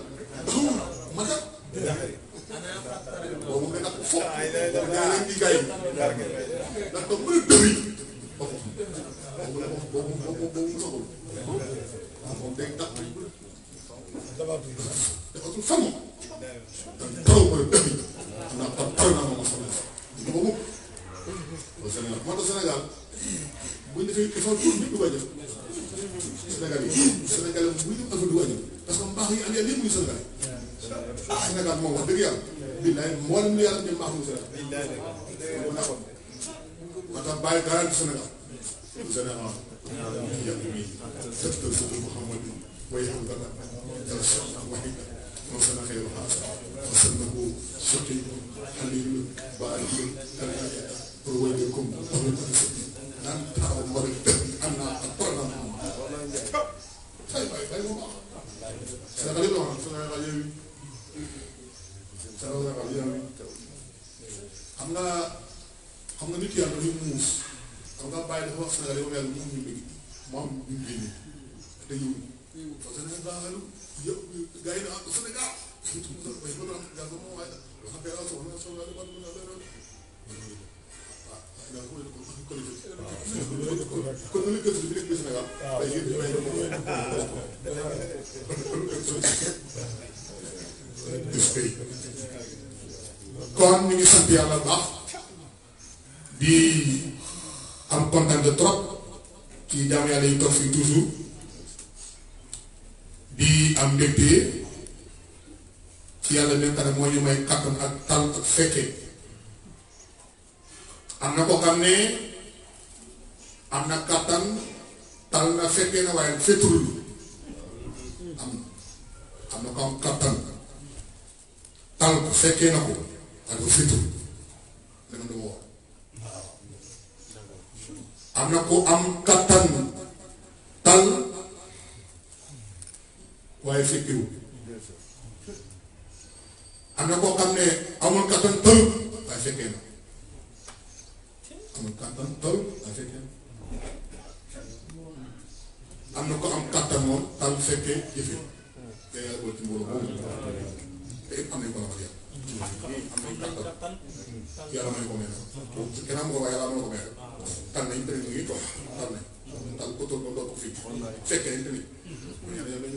matal boobu nga nag foofu nga leen di gay ndax ko mën a dëri boobu boobu boobu boobu soxul waaw moom day tax dafa tul fan taw mën a dëri ndax tam taw naa moom sama boobu bu ñu defee il faut pour nit du wàññi yi bu ñu affaire du wàññi parce que mbaax yi am yàlla yëpp muy Sénégal Sénégal moom wax dëgg yàlla. billaay mboolem yàlla dem baaxul Sénégal. moo tax bàyyi dara Sénégal. Sénégal. yàlla mi tëkkal sa tur Muhammad mooy yàlla la. yàlla sax waxi moom sana xëy na xaasa. xasal na ko sotti xalilu ba alxil kalaaya pour wéy comme xam nga naan taxaw mbar am naa ak programme am. xëy na xëy na mu baax. Sénégal yi doon Sénégal yooyu. 자라다가위험이있다고한가한가믿기안되는무스한가빨리허락사가이거야무슨믿기마음믿기니대유어제는나가는가이드안쓰니까무슨배우나가서뭐하다한배가소나소나받는거하다 kon nu ñu gëstu bi nekk Sénégal day yëpp ñu may ko gis tey kon ñu ngi sant yàlla baax di am kontaan de trop ci jaam yàlla yi toog fii toujours di am mbégte ci yàlla mi nga moo ñu may kàttan ak tal ak fekke am na ko ne am na tal na fekke na waaye fettul am am na ko am tal ko fekke na ko ak bu fitu dana du woor waaw am na ku am kattan tal waaye fekkiwu am na koo xam ne amul kattan tal waaye fekkee na amul kattan tal waaye fekkee na am na ko am kattan moom tal fekkee jëfee te yàlla boo ci mbooloo boobu te it am nañ ko la yàlla may ko mel kenn am ko waaye yàlla mën na ko mel tànn ba toog ko fii mu ñaan yàlla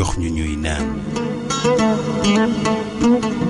ñu ñuy naan